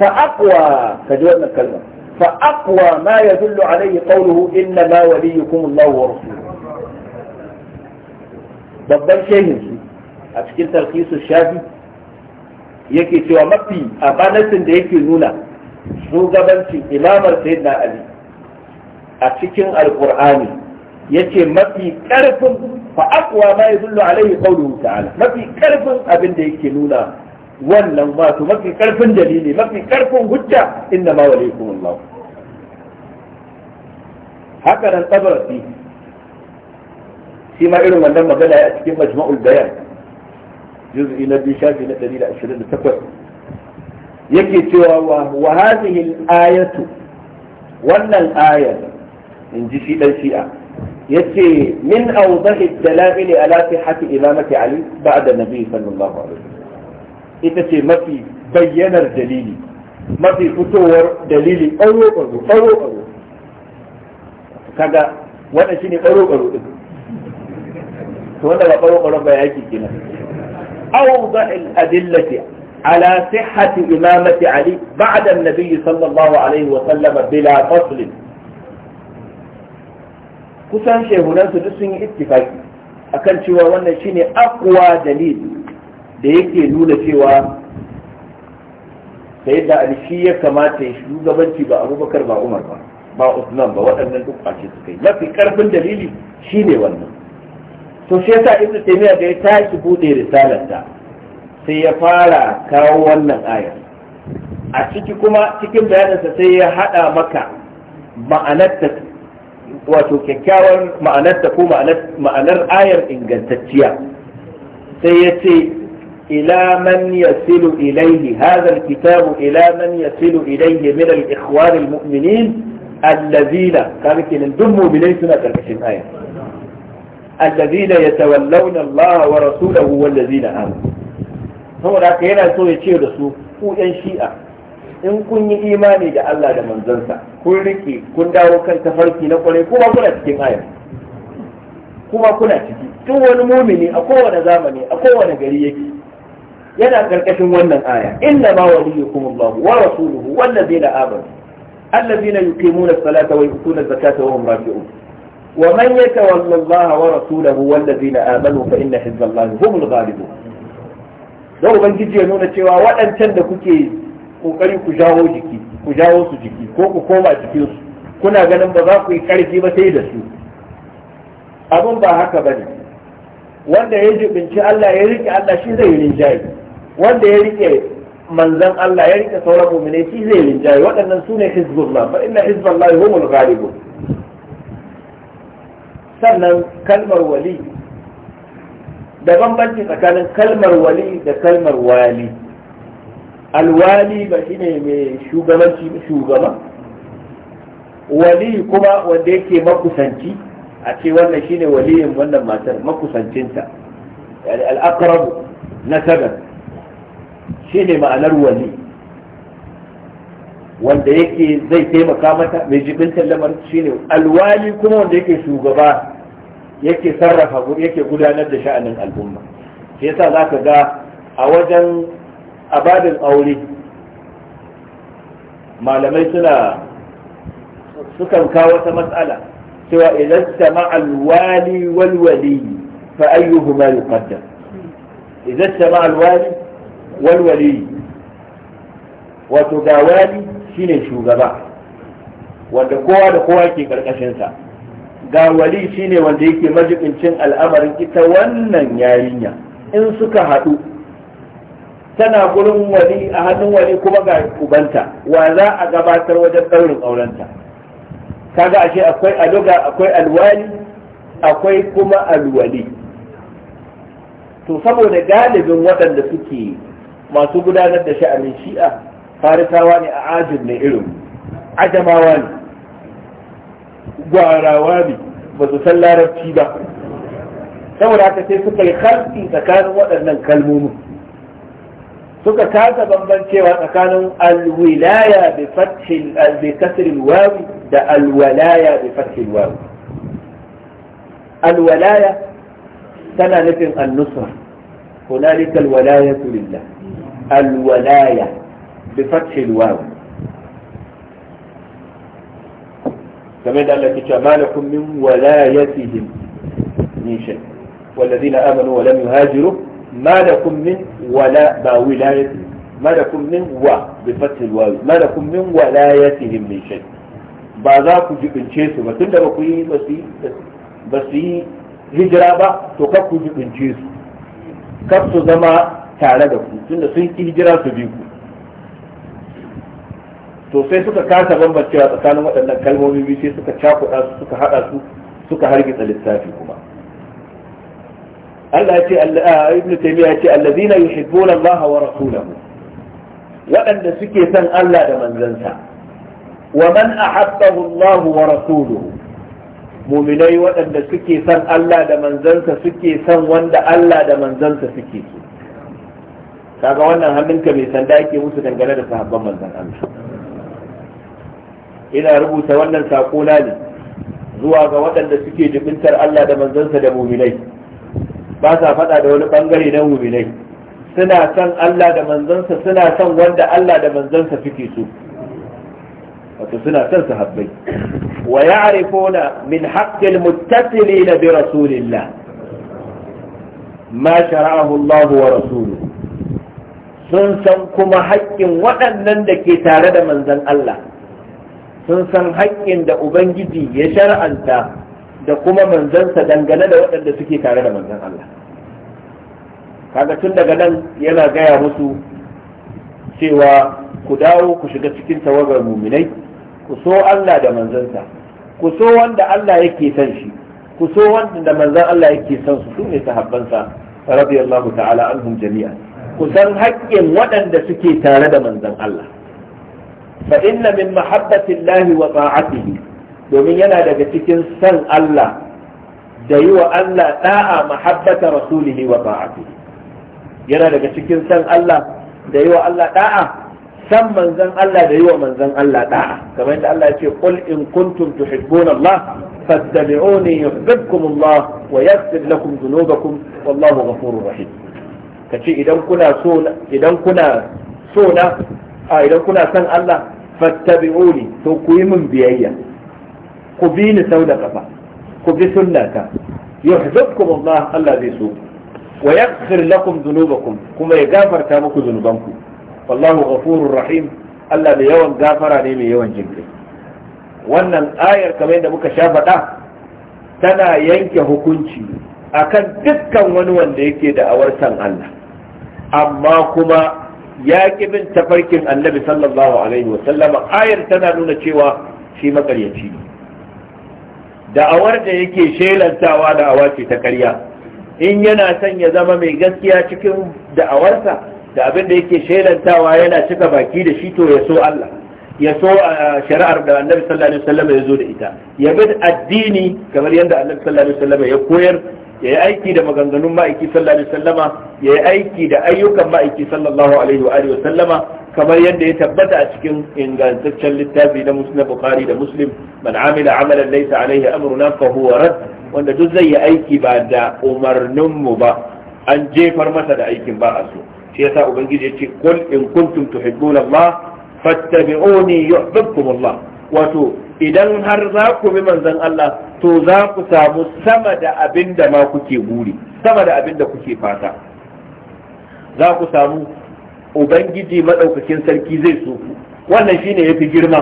فأقوى فجوانا الكلمة فأقوى ما يدل عليه قوله إنما وليكم الله ورسوله babban shehin a cikin talkisu shafi yake cewa mafi amanatin da yake nuna shugabancin imamar sayyidina ali a cikin alkur'ani yace mafi karfin fa aqwa ma yadullu alaihi qawluhu ta'ala mafi karfin abin da yake nuna wannan wato mafi karfin dalili mafi karfin hujja inna ma waliyukum Allah haka nan tabarasi shi ma irin wannan magana a cikin majma'ul bayan juz'i na biyu shafi na 128 yake cewa wa hadhihi al-ayatu wannan ayar in ji shi dan shi'a yace min awdahi dalail ala sihhati imamati ali ba'da nabi sallallahu alaihi wasallam ita ce mafi bayyanar dalili mafi fitowar dalili ɓaro ɓaro ɓaro ɓaro kaga wannan shine ɓaro ɓaro din to wanda ba ɓaro ɓaro ba yaki kenan awdah al adillati ala sihhati imamati ali ba'da an-nabi sallallahu alaihi wa sallam bila fasl kusan shehunansu duk sun yi ittifaki akan cewa wannan shine akwa dalil da yake nuna cewa sai da alishi ya kamata ya shugabanci ba abubakar ba umar ba ba usman ba waɗannan duk kwace su kai mafi karfin dalili shine wannan to shi yasa ibnu taymiya da ya tashi bude risalarta sai ya fara kawo wannan ayar a ciki kuma cikin bayaninsa sai ya hada maka ma'anar wato kyakkyawar ma'anarta ko ma'anar ayar ingantacciya sai ya ce ila man yasilu ilaihi hadha alkitabu ila man yasilu ilaihi min al-ikhwan al-mu'minin allazina kaga kenan duk mu'minai suna karkashin ayar allazina yatawallawna Allah wa rasulahu wallazina amanu saboda haka yana so ya ce da su ku yan shi'a in kun yi imani da Allah da manzansa kun rike kun dawo kan tafarki na kwarai kuma kuna cikin ayar kuma kuna ciki tun wani mumini a kowane zamani a kowane gari yake yana karkashin wannan aya inna ma waliyukum Allah wa rasuluhu ladina amanu alladhina yuqimuna as-salata wa yu'tuna az-zakata wa hum raji'un wa man yatawalla Allah wa wal ladina amanu fa inna hizballahi humul ghalibun da ubangiji ya nuna cewa waɗancan da kuke kokari ku jawo jiki ku jawo su jiki ko ku koma jikin su kuna ganin ba za ku yi karfi ba sai da su abin ba haka bane wanda ya jibinci Allah ya rike Allah shi zai rinjaye wanda ya rike manzan Allah ya rike sauran mu'mini shi zai rinjaye waɗannan su ne hizbullah fa inna hizballahi humul ghalibun sannan kalmar wali da bambanci tsakanin kalmar wali da kalmar wali alwali ba shine mai shugabanci shugaba wali kuma wanda yake makusanci a ce wannan shine waliyin wannan matar makusancinta yani al-aqrab nasaban shine ma'anar wali wanda yake zai taimaka mata mai tallamar shi ne. alwali kuma wanda yake shugaba yake sarrafa yake gudanar da sha'anin al'umma shi yasa ka ga a wajen a aure malamai suna sukan kawo wata matsala cewa idan sama alwali wal wali fa ayyuhuma yuqaddam idan sama alwali walwali wato ga wali shine shugaba wanda kowa da kowa ke karkashin sa ga wali shine wanda yake majibincin al'amarin ita wannan yarinya in suka haɗu tana gurin wani a hannun wani kuma ga ubanta wa za a gabatar wajen ɗaurin aurenta kaga ashe akwai aluga akwai alwali akwai kuma alwali to saboda galibin waɗanda suke masu gudanar da sha'anin shi'a farisawa ne a ajin na irin ajamawa ne gwarawa ne ba su san larabci ba saboda haka sai suka yi harfi tsakanin waɗannan kalmomin suka kasa bambancewa tsakanin alwilaya bi fathil bi kasril waw da alwalaya bi fathil waw alwalaya tana nufin annusra hunalika alwalaya lillah alwalaya bi fathil waw kamar da Allah ke cewa malakum min walayatihim min shay والذين آمنوا ولم يهاجروا ma lakum min wala ba wilayati ma lakum min wa bi fathi alwaw ma lakum min walayatihim min shay ba za ku jibince su ba tunda ba su yi hijira ba to kar ku jibince su kar su zama tare da ku tunda sun su bi ku to sai suka kasa bambancewa tsakanin waɗannan kalmomi biyu sai suka cakuɗa su suka haɗa su suka hargitsa lissafi kuma Allah ya ce ah, ibn taymiya ya ce allazina yuhibbuna Allah wa rasulahu waɗanda suke son Allah da manzansa wa man ahabbahu Allah wa rasuluhu muminai waɗanda suke son Allah da manzansa suke son wanda Allah da manzansa suke so kaga wannan hannunka mai sanda yake musu dangane da sahabban manzan Allah ina rubuta wannan sako na ne zuwa ga waɗanda suke jibintar Allah da manzansa da muminai ba sa faɗa da wani ɓangare na muminai suna son Allah da manzansa suna son wanda Allah da manzansa suke su. wato suna son su sahabbai wa ya'rifuna min haqqil muttasilina bi rasulillah ma shara'ahu Allah wa rasuluhu sun san kuma haƙƙin waɗannan da ke tare da manzan Allah sun san haƙƙin da ubangiji ya shar'anta da kuma manzansa dangane da waɗanda suke tare da manzan Allah kaga tun daga nan yana gaya musu cewa ku dawo ku shiga cikin tawagar muminai ku so Allah da manzansa ku so wanda Allah yake son shi ku so wanda da manzan Allah yake son su sune sahabbansa radiyallahu ta'ala anhum jami'a ku san haƙƙin waɗanda suke tare da manzan Allah fa inna min mahabbatillahi wa ta'atihi domin yana daga cikin san Allah da yi wa Allah da'a mahabbata rasulihi wa ta'ati yana daga cikin san Allah da yi wa Allah da'a san manzan Allah da yi wa manzan Allah da'a kamar yadda Allah ya ce qul in kuntum tuhibbuna Allah fattabi'uni yuhibbukum Allah wa yaghfir lakum dhunubakum wallahu ghafurur rahim kace idan kuna so idan kuna so na a idan kuna san Allah fattabi'uni to ku yi min biyayya ku bi ni sau da kafa ku bi sunnata yuhibbukum Allah Allah zai so wa yaghfir lakum dhunubakum kuma ya gafarta muku dhunubanku wallahu ghafurur rahim Allah mai yawan gafara ne mai yawan jinkai wannan ayar kamar yadda muka sha faɗa tana yanke hukunci akan dukkan wani wanda yake da awartan Allah amma kuma ya ƙi bin tafarkin annabi sallallahu alaihi wasallama ayar tana nuna cewa shi maƙaryaci ne da'awar da yake shelantawa da'awa ce ta ƙarya in yana son ya zama mai gaskiya cikin da'awarsa da abin da yake shelantawa yana cika baki da shi to ya so Allah ya so shari'ar da annabi sallallahu alaihi wasallam ya zo da ita ya bi addini kamar yadda annabi sallallahu alaihi wasallam ya koyar ya yi aiki da maganganun ma'aiki sallallahu alaihi wasallama ya yi aiki da ayyukan ma'aiki sallallahu alaihi wa alihi wasallama kamar yadda ya tabbata a cikin ingantaccen littafi na muslim bukhari da muslim man amila amalan laysa alaihi amruna fa huwa rad wanda duk zai yi aiki ba da umarninmu ba an jefar masa da aikin ba a so shi ubangiji ya ce kul in kuntum tuhibbuna allah fattabi'uni yuhibbukum allah wato idan har za ku bi manzon Allah to za ku samu sama da abinda da ma kuke buri sama da abinda kuke fata za ku samu ubangiji maɗaukakin sarki zai so ku wannan shine yafi girma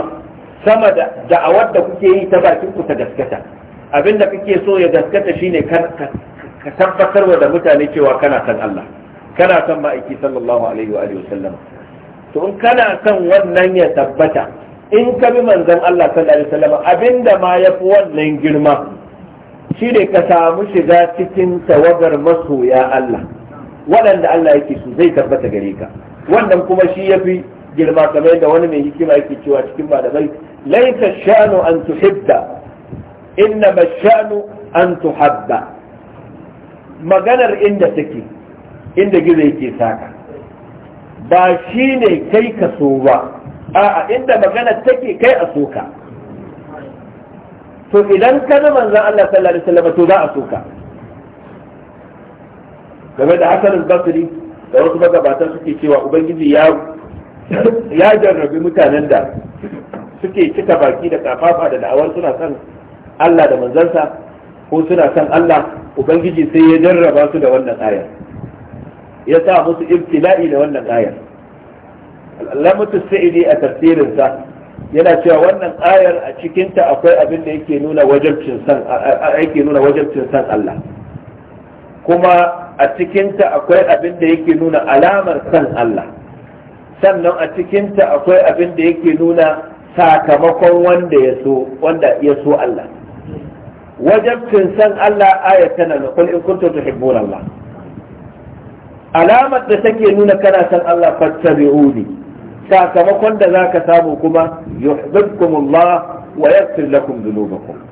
sama da da'awar da kuke yi ta bakin ku ta gaskata abin da kake so ya gaskata shine ka tabbatarwa da mutane cewa kana san Allah kana san ma'aiki sallallahu alaihi wa alihi wasallam to in kana san wannan ya tabbata in ka bi manzon Allah sallallahu alaihi wasallam abinda ma yafi wannan girma shi ne ka samu shiga cikin tawagar masoya Allah waɗanda Allah yake su zai tabbata gare ka wannan kuma shi ya fi girma kamar yadda wani mai hikima yake cewa cikin malamai laita sha'nu an tuhibba inna ma sha'nu an tuhabba maganar inda take inda gizo yake saka ba shi ne kai ka so ba a'a inda maganar take kai a soka to idan ka na manzan Allah sallallahu alaihi wasallam to za a soka game da hasan al-basri da wasu magabatan suke cewa ubangiji ya jarrabi mutanen da suke cika baki da kafafa da da'awar suna son Allah da manzansa ko suna son Allah ubangiji sai ya jarraba su da wannan aya ya sa musu ibtila'i da wannan ayar alamatu sa'idi a tafsirinsa yana cewa wannan ayar a cikinta akwai abin da yake nuna wajabcin san Allah kuma a cikinta akwai abin da yake nuna alamar san Allah sannan a cikinta akwai abin da yake nuna sakamakon wanda ya so wanda ya so Allah wajabcin san Allah Aya tana na kul in kuntum tuhibbuna Allah alamar da take nuna kana san Allah fattabi'uni sakamakon da zaka samu kuma yuhibbukum Allah wa yaghfir lakum dhunubakum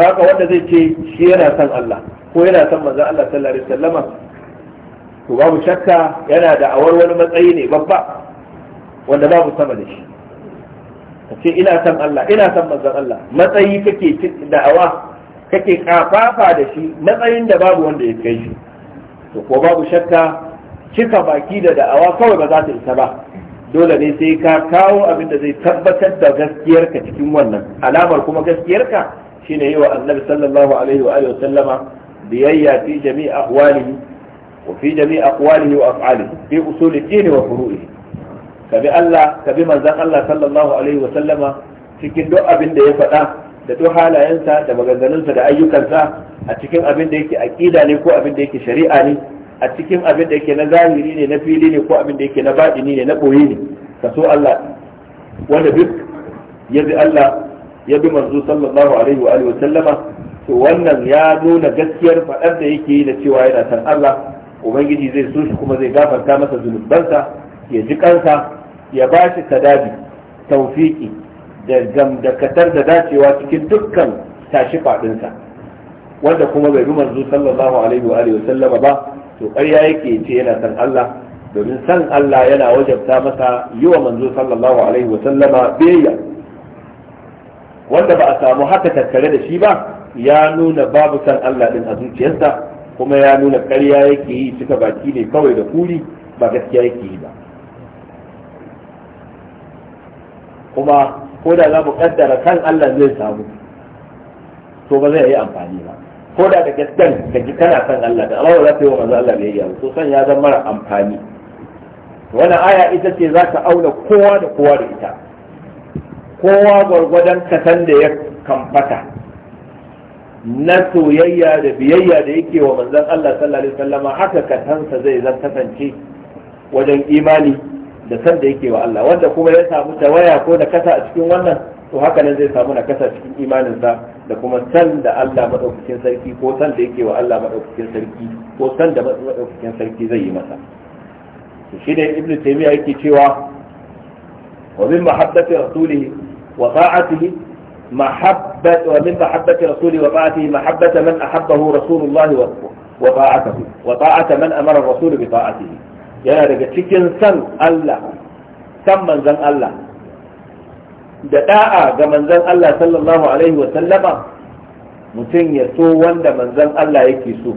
ba haka wanda zai ce shi yana son Allah ko yana son manzon Allah sallallahu alaihi wasallama to babu shakka yana da awar wani matsayi ne babba wanda babu sama da shi a ce ina son Allah ina son manzon Allah matsayi kake da'awa kake kafafa da shi matsayin da babu wanda ya kai shi to ko babu shakka cika baki da da'awa kawai ba za ta isa ba dole ne sai ka kawo abin da zai tabbatar da gaskiyarka cikin wannan alamar kuma gaskiyarka shine yi wa annabi sallallahu alaihi wa alihi sallama biyayya fi ahwalihi wa fi wa af'alihi fi usuli dini wa furu'i kabi Allah kabi manzon Allah sallallahu alaihi wa sallama cikin duk abin da ya faɗa da duk halayensa da maganganunsa da ayyukansa a cikin abin da yake aqida ne ko abin da yake shari'a ne a cikin abin da yake na zahiri ne na fili ne ko abin da yake na baɗini ne na ɓoye ne ka so Allah wanda duk ya bi Allah ya bi manzo sallallahu alaihi wa alihi wa sallama to wannan ya nuna gaskiyar faɗar da yake yi da cewa yana san Allah ubangiji zai so shi kuma zai gafarta masa zunubansa ya ji kansa ya ba shi tadabi tawfiki da gamdakatar da dacewa cikin dukkan tashi faɗinsa wanda kuma bai bi manzo sallallahu alaihi wa alihi wa sallama ba to ƙarya yake ce yana san Allah domin san Allah yana wajabta masa yi wa manzo sallallahu alaihi wa sallama biyayya wanda ba a samu haka tattare da shi ba ya nuna babu san Allah din a zuciyarsa kuma ya nuna ƙarya yake yi cika baki ne kawai da kuri ba gaskiya yake yi ba kuma ko da za mu kaddara kan Allah zai samu to ba zai yi amfani ba ko da da gaskan ka ji kana san Allah da Allah za ta yi wa manzo Allah biyayya to san ya zama mara amfani wannan aya ita ce za ta auna kowa da kowa da ita kowa gwargwadon kasan da ya kamfata na soyayya da biyayya da yake wa manzan Allah sallallahu alaihi wasallam haka kasansa zai zan kasance wajen imani da san da yake wa Allah wanda kuma ya samu tawaya ko da kasa a cikin wannan to haka nan zai samu na kasa cikin imaninsa da kuma san da Allah madaukakin sarki ko san da yake wa Allah madaukakin sarki ko san da madaukakin sarki zai yi masa shi ne ibnu taymiya yake cewa wa min mahabbati rasulihi وطاعته محبة ومن محبة رسوله وطاعته محبة من أحبه رسول الله وطاعته وطاعة من أمر الرسول بطاعته yana daga cikin san Allah san manzan Allah da ɗa'a ga manzan Allah sallallahu alaihi wa sallama mutum ya so wanda manzan Allah yake so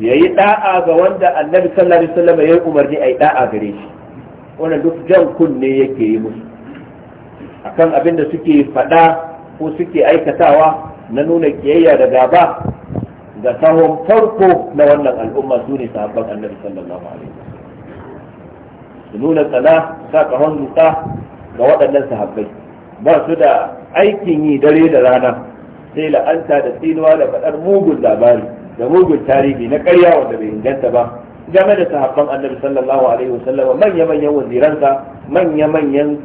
ya yi da'a ga wanda annabi sallallahu alaihi wa ya yi umarni a yi da'a gare shi wannan duk jan kunne yake yi musu akan abin da suke faɗa ko suke aikatawa na nuna kiyayya da gaba ga sahun farko na wannan al'umma su ne sahabban annabi sallallahu alaihi su nuna tsana sa kahon zuta ga waɗannan sahabbai ba su da aikin yi dare da rana sai la'anta da tsinuwa da faɗar mugun labari da mugun tarihi na ƙarya wanda bai inganta ba game da sahabban annabi sallallahu alaihi wasallam manya-manyan waziransa manya-manyan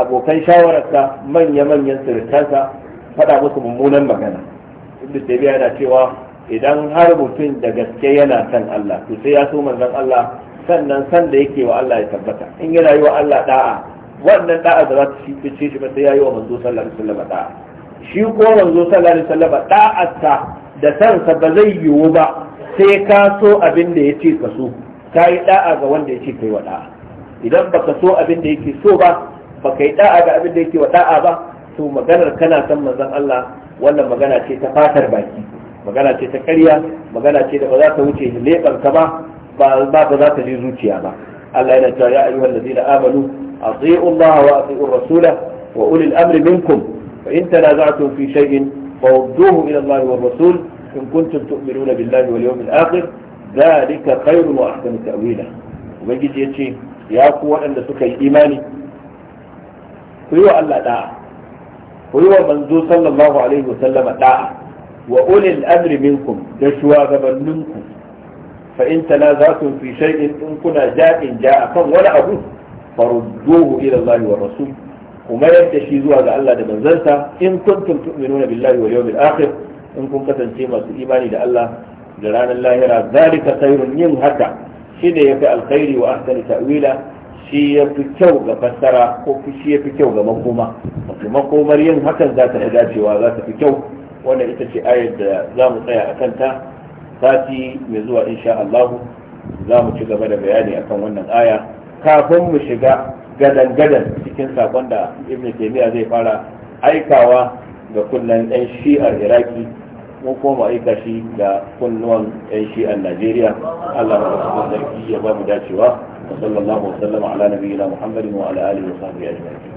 abokan shawararsa manya-manyan surutansa faɗa musu mummunan magana ibn biya yana cewa idan har mutum da gaske yana san Allah to sai ya so manzon Allah sannan san da yake wa Allah ya tabbata in yana yi wa Allah da'a wannan da'a da za ta fice shi ba sai ya yi wa manzo sallallahu alaihi wasallam da'a shi ko manzo sallallahu alaihi wasallam ta da sansa ba zai yiwu ba sai ka so abin da yake ka so ka yi da'a ga wanda yake kai wa da'a idan baka so abin da yake so ba ba kai da'a ga abin da yake wa da'a ba to maganar kana san manzon Allah wannan magana ce ta fatar baki magana ce ta ƙarya magana ce da ba za ta wuce leɓar ka ba ba ba za ta je zuciya ba Allah yana cewa ya ayyuhal ladina amanu ati'u Allah wa ati'u rasula wa ulil amri minkum fa in tanaza'tum fi shay'in farudduhu ila Allah wa rasul in kuntum tu'minuna billahi wal yawmil akhir dhalika khayrun wa ahsanu ta'wila ubangiji yace ya ku waɗanda suka yi imani ku yi wa Allah da'a ku yi wa manzo sallallahu alaihi wasallama da'a wa ulil amri minkum da shugabanninku fa in tanazatum fi shay'in in kuna ja'in ja'a kan wani abu farudduhu ila Allah wa rasul kuma yadda shi zuwa ga Allah da manzansa in kuntum tu'minuna billahi wal yawmil akhir in kun kasance masu imani da Allah da ranar lahira zalika khairun yin haka shine yafi alkhairi wa ahsani ta'wila fushi ya fi kyau ga fassara ko shi ya fi kyau ga makoma wato makomar yin hakan za ta fi dacewa za ta fi kyau wanda ita ce ayar da za mu tsaya a kanta sati mai zuwa insha Allah za mu ci gaba da bayani akan wannan aya kafin mu shiga gadan gadan cikin sakon da ibn taymiya zai fara aikawa ga kullun ɗan shi'ar iraki ko kuma aika shi ga kunnuwan 'yan shi'ar najeriya allah ya ba mu dacewa وصلى الله وسلم على نبينا محمد وعلى آله وصحبه أجمعين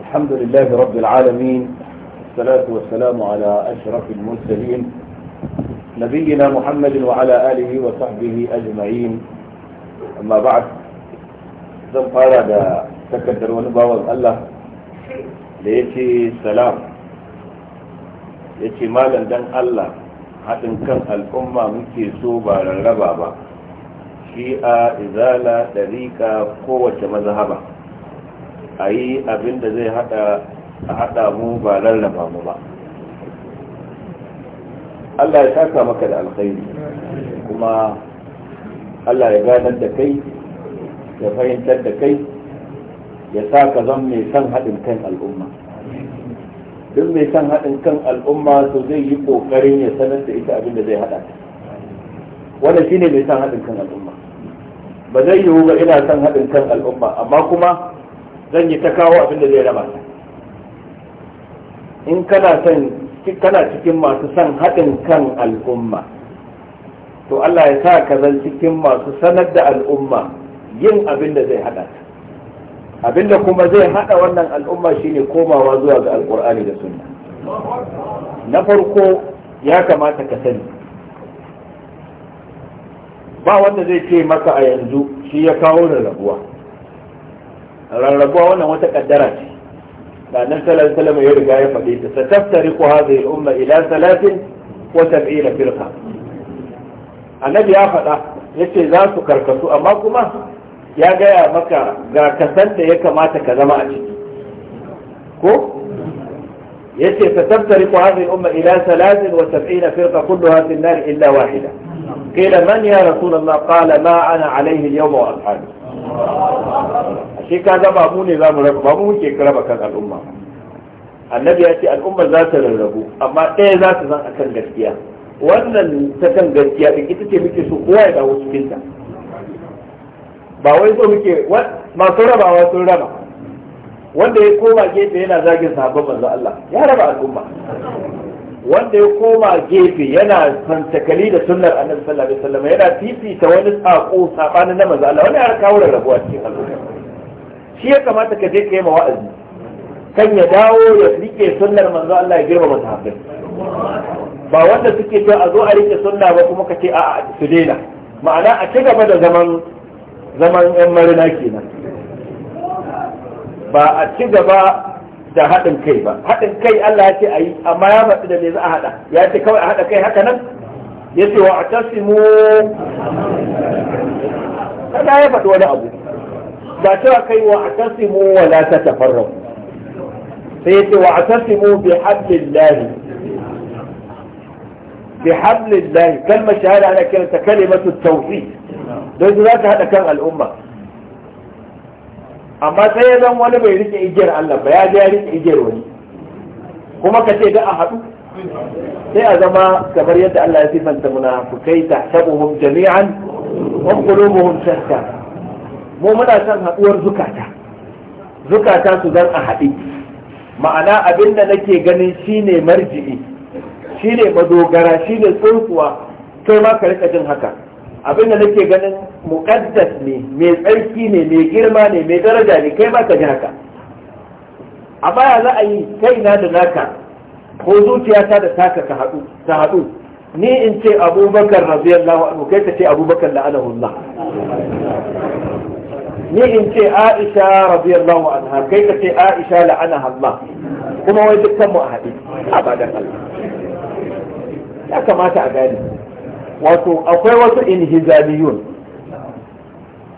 الحمد لله رب العالمين والصلاة والسلام على أشرف المرسلين نبينا محمد وعلى آله وصحبه أجمعين أما بعد zan fara da takardar wani bawan Allah da ya ce salam ya ce malam dan Allah haɗin kan al'umma muke so ba rarraba ba shi'a izala ɗariƙa kowace mazhaba a yi abin da zai haɗa mu ba rarraba mu ba Allah ya saka maka da alkhairi kuma Allah ya ganar da kai ya fahimtar da kai ya sa ka zan mai son haɗin kan al'umma duk mai son haɗin kan al'umma to zai yi ƙoƙarin ya sanar da ita abin da zai haɗa wannan shine mai son haɗin kan al'umma ba zai yiwu ba ina son haɗin kan al'umma amma kuma zan yi ta kawo abin da zai raba in kana son kana cikin masu son haɗin kan al'umma to Allah ya sa ka zan cikin masu sanar da al'umma yin abin da zai hada abin da kuma zai hada wannan al'umma shine komawa zuwa ga alkur'ani da sunna na farko ya kamata ka sani ba wanda zai ce maka a yanzu shi ya kawo rarrabuwa rarrabuwa wannan wata kaddara ce da annabi sallallahu alaihi ya riga ya faɗi ta sataftariqu hadhihi al-umma ila 73 firqa annabi ya faɗa yace za su karkasu amma kuma ya gaya maka ga kasan da ya kamata ka zama a ciki ko yace fa tabtariqu hadhihi al-umma ila 73 firqa kulluha fi an-nar illa wahida qila man ya rasul Allah qala ma ana alayhi al-yawm wa ashabi shi ka ga ba ne za mu raba ba mu muke raba kan al'umma annabi ya ce al'umma za ta rarrabu amma ɗaya za ta zan akan gaskiya wannan ta kan gaskiya ita ce muke so kowa ya dawo cikin ta ba wai so muke masu rabawa sun raba wanda ya koma gefe yana zagin sahabban manzo Allah ya raba al'umma wanda ya koma gefe yana fantakali da sunnar annabi sallallahu alaihi wasallam yana fifita wani sako sabani na manzo Allah wani ya kawo rabuwa cikin al'umma shi ya kamata ka je ka yi ma wa'azi kan ya dawo ya rike sunnar manzo Allah ya girma masa hakan ba wanda suke cewa a zo a rike sunna ba kuma ka ce a'a su daina ma'ana a ci gaba da zaman zaman yan marina kenan ba a ci gaba da haɗin kai ba haɗin kai Allah ya ce a yi amma ya faɗi da me za a haɗa ya ce kawai a haɗa kai haka nan ya ce wa a tasimu kada ya faɗi wani abu ba cewa kai wa a tasimu wa la ta tafarra sai ya ce wa a tasimu bi hablillahi bihamdillah kalmar shahada ana kiranta kalimatu tauhid don su za hada kan al'umma amma sai ya zan wani bai rike igiyar Allah ba ya je ya rike igiyar wani kuma ka ce da a haɗu sai a zama yadda Allah ya sifanta jami'an mu muna son haɗuwar zukata zukata su zan a haɗi ma'ana abin da nake ganin shine marji'i Shi ne madogara shi ne tsuntuwa kai ma ka rika jin haka abin da nake ganin muqaddas ne mai tsarki ne mai girma ne mai daraja ne kai ma ka ji haka a baya za a yi kaina da naka ko zuciya ta da taka ka haɗu ta haɗu ni in ce abubakar radiyallahu anhu kai ka ce abubakar la'anahullah ni in ce aisha radiyallahu anha kai ka ce aisha la'anahu Allah kuma wai dukkan mu a haɗe abadan Allah ya kamata a gane wato akwai wasu inhizamiyun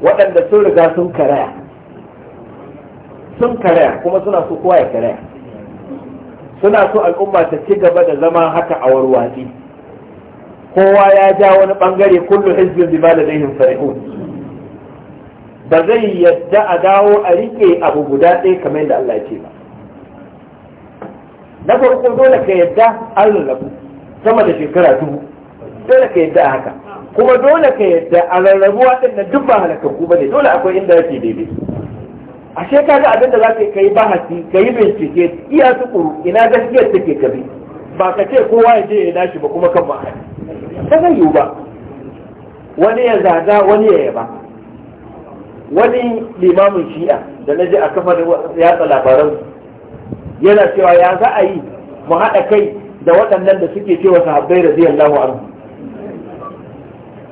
waɗanda sun riga sun karaya sun karaya kuma suna so kowa ya karaya suna so al'umma ta ci gaba da zama haka a warwatsi kowa ya ja wani bangare kullu hizbin bima ladaihim farihun ba zai yadda a dawo a rike abu guda ɗaya kamar yadda Allah ya ce ba na farko dole ka yadda allah rarrabu sama da shekara dubu dole ka yadda a haka kuma dole ka yadda a rarrabuwa din nan duk ba halakakku ba ne dole akwai inda yake daidai a shekara ga abin da za ka yi bahasi ka yi bincike iya tukuru ina gaskiyar take ka bi ba ka ce kowa ya je ya nashi ba kuma kan ba ta zai yiwu ba wani ya zaga wani ya yaba wani limamin shi'a da na ji a kafar yatsa labaran yana cewa ya za a yi mu haɗa kai da waɗannan da suke cewa sahabbai radiyallahu anhu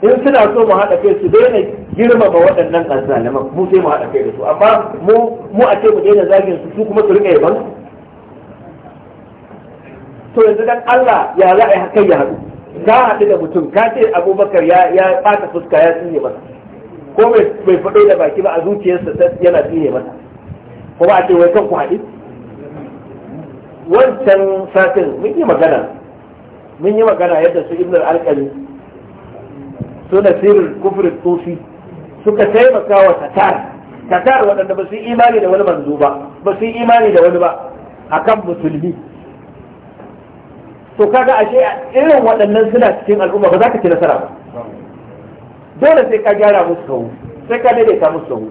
in suna so mu haɗa kai su daina girmama waɗannan azzaliman mu sai mu haɗa kai da su amma mu mu a ce mu daina zagin su su kuma su rika yaban to yanzu dan Allah ya za a yi hakan ya haɗu ka haɗu da mutum ka ce abubakar ya ya ɓata fuska ya tsine masa ko bai faɗo da baki ba a zuciyarsa yana tsine masa kuma a ce wai kan ku haɗu wancan satin mun yi magana mun yi magana yadda su ibnu al-alqami su nasirul kufr tusi suka taimaka wa tatar tatar waɗanda ba su yi imani da wani manzo ba ba su yi imani da wani ba akan musulmi to kaga ashe irin waɗannan suna cikin al'umma ba za ka ci nasara ba dole sai ka gyara musu kawo sai ka daidaita musu kawo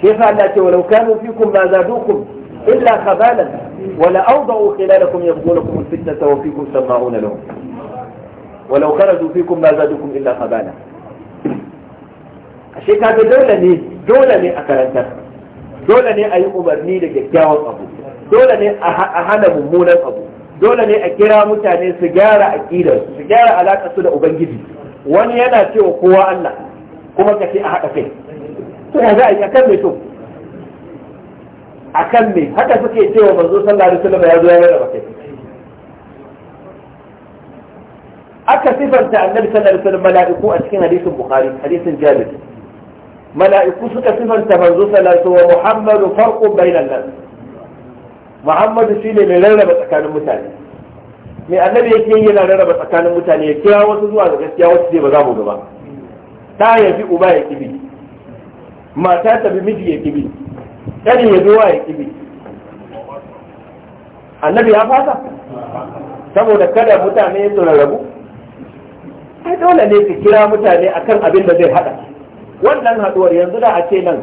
shi yasa Allah ce walau kanu fikum ma zadukum إلا خبالا ولا أوضعوا خلالكم يبغونكم الفتنة وفيكم سماعون لهم ولو خرجوا فيكم ما زادكم إلا خبالا ashe kaga dole ne dole ne a karantar dole ne a yi umarni da kyakkyawan abu dole ne a hana mummunan abu dole ne a kira mutane su gyara aqidar su gyara su da ubangiji wani yana cewa kowa Allah kuma a haɗa kai za a yi to akan me haka suke cewa manzo sallallahu alaihi wasallam ya zo ya rarraba kai aka sifanta annabi sallallahu alaihi wasallam mala'iku a cikin hadisin bukhari hadisin jabir mala'iku suka sifanta manzo sallallahu alaihi wasallam muhammadu farqu bainan nas muhammadu shine mai rarraba tsakanin mutane mai annabi yake yi yana rarraba tsakanin mutane ya kira wasu zuwa ga gaskiya wasu ce ba za mu gaba ta yafi uba ya kibi mata ta bi miji ya kibi kada ya zo wa ya kibi annabi ya fasa saboda kada mutane su rarrabu ai dole ne ka kira mutane akan abin da zai haɗa. wannan haɗuwar yanzu da a ce nan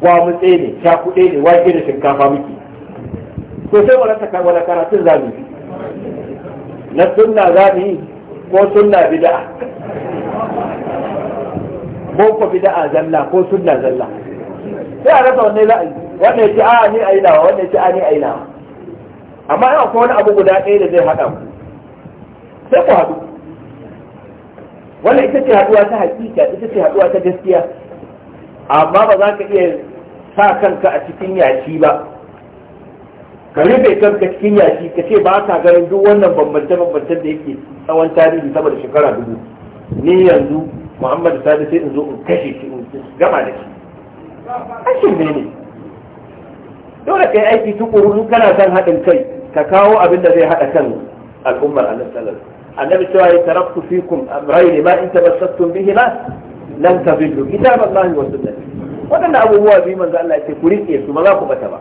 gwamutse ne kuɗe ne wake da shinkafa muke ko sai wani karatun zamu yi na sunna zamu yi ko sunna bid'a boko bid'a zalla ko sunna zalla sai a rasa wannan za yi wanda ya ce a ni a yi nawa wanda ya ce a ni a yi nawa amma yau akwai wani abu guda ɗaya da zai haɗa ku sai ku haɗu wannan ita ce haɗuwa ta hakika ita ce haɗuwa ta gaskiya amma ba za ka iya sa kanka a cikin yashi ba ka rufe kanka cikin yashi ka ce ba ka ganin duk wannan bambance bambance da yake tsawon tarihi sama da shekara dubu ni yanzu muhammadu sadi sai in zo in kashe shi in gama da shi an ne ne dole kai aiki tukuru in kana son haɗin kai ka kawo abin da zai haɗa kan al'ummar annabi sallallahu annabi cewa ya taraktu fikum ne ma in tabassattum bihi la lan tadillu kitab Allah wa sunnah waɗanda abubuwa biyu manzo Allah ya ce ku rike su ma za ku bata ba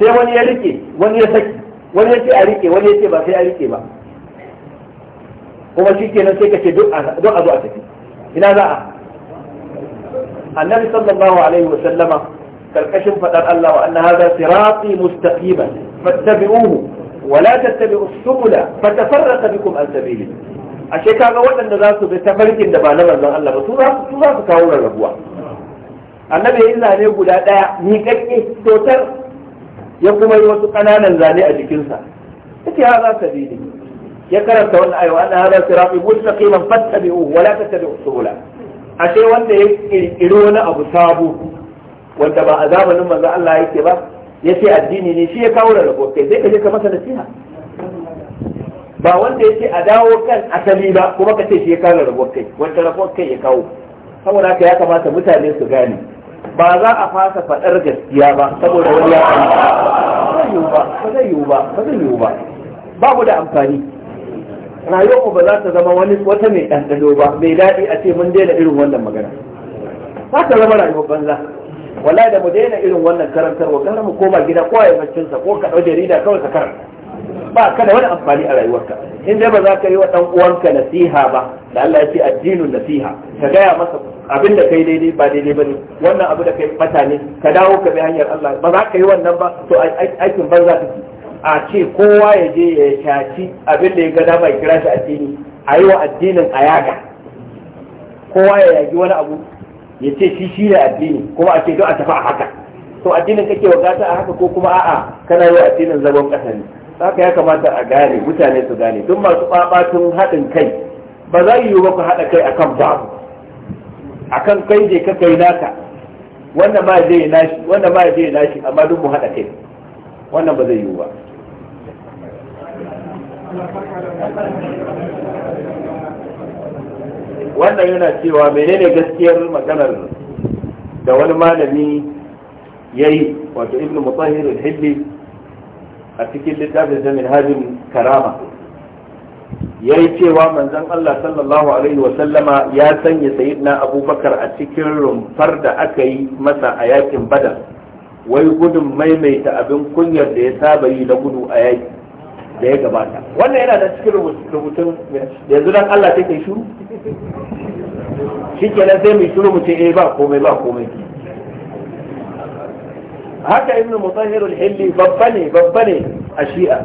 sai wani ya rike wani ya saki wani ya ce a rike wani ya ce ba sai a rike ba kuma shi kenan sai ka ce duk a zo a tafi ina za a النبي صلى الله عليه وسلم تركشم فقال الله وان هذا صراطي مستقيما فاتبعوه ولا تتبعوا السبل فتفرق بكم عن سبيله أشياء كان أول أن ذاته بسفرك إن دبا نبا الله الله بسورة بسورة تكاول الربوة النبي إلا أن يقول لا نيكك إيه، توتر يقوم يوسو قنانا ذاني أجكلها إتي هذا سبيله يكرر تولى أيوة أن هذا صراطي مستقيما فاتبعوه ولا تتبعوا السبل A ashe wanda ya kirkiri wani abu sabo wanda ba a zamanin manzo Allah yake ba ya ce addini ne shi ya kawo rarrabo kai sai ka je ka masa nasiha ba wanda yace a dawo kan asali ba kuma ka ce shi ya kawo rarrabo kai wanda rarrabo kai ya kawo saboda haka ya kamata mutane su gane ba za a fasa faɗar gaskiya ba saboda wani ya ba zai yiwu ba ba zai yiwu ba ba zai yiwu ba babu da amfani rayuwarmu ba za ta zama wani wata mai ɗanɗano ba mai daɗi a ce mun daina irin wannan magana za ta zama rayuwar banza wallahi da mu daina irin wannan karantarwa kana mu koma gida ko ya ko ka ɗau jarida kawai ka karanta ba ka da wani amfani a rayuwarka in dai ba za ka yi wa ɗan uwanka nasiha ba da Allah ya ce addinin nasiha ka gaya masa abin da kai daidai ba daidai ba ne wannan abu da kai fata ne ka dawo ka bi hanyar Allah ba za ka yi wannan ba to aikin banza kake a ce kowa ya je ya shaci abin da ya gada mai kira shi addini a yi wa addinin a yaga kowa ya yagi wani abu ya ce shi shi ne addini kuma a ce don a tafi a haka to addinin kake wa gata a haka ko kuma a'a kana yi wa addinin zagon ƙasa ne haka ya kamata a gane mutane su gane duk masu ɓaɓatun haɗin kai ba za yi ba ku haɗa kai akan babu akan kai je ka kai naka wanda ma ya nashi wanda ma ya nashi amma duk mu haɗa kai wannan ba zai yiwu ba wannan yana cewa menene gaskiyar maganar da wani malami ya yi wato ibn mutahir al-hilli a cikin littafin zamin hajjin karama ya yi cewa manzon Allah sallallahu alaihi wasallama ya sanya sayidna abubakar a cikin rumfar da aka yi masa a yakin badar wai gudun maimaita abin kunyar da ya saba yi na gudu a yaki da ya gabata wannan yana da cikin rubutun yanzu dan Allah take shuru shikenan sai mai shiru mu ce eh ba komai ba komai haka ibnu mutahhir al-hilli babba ne babba ne a shi'a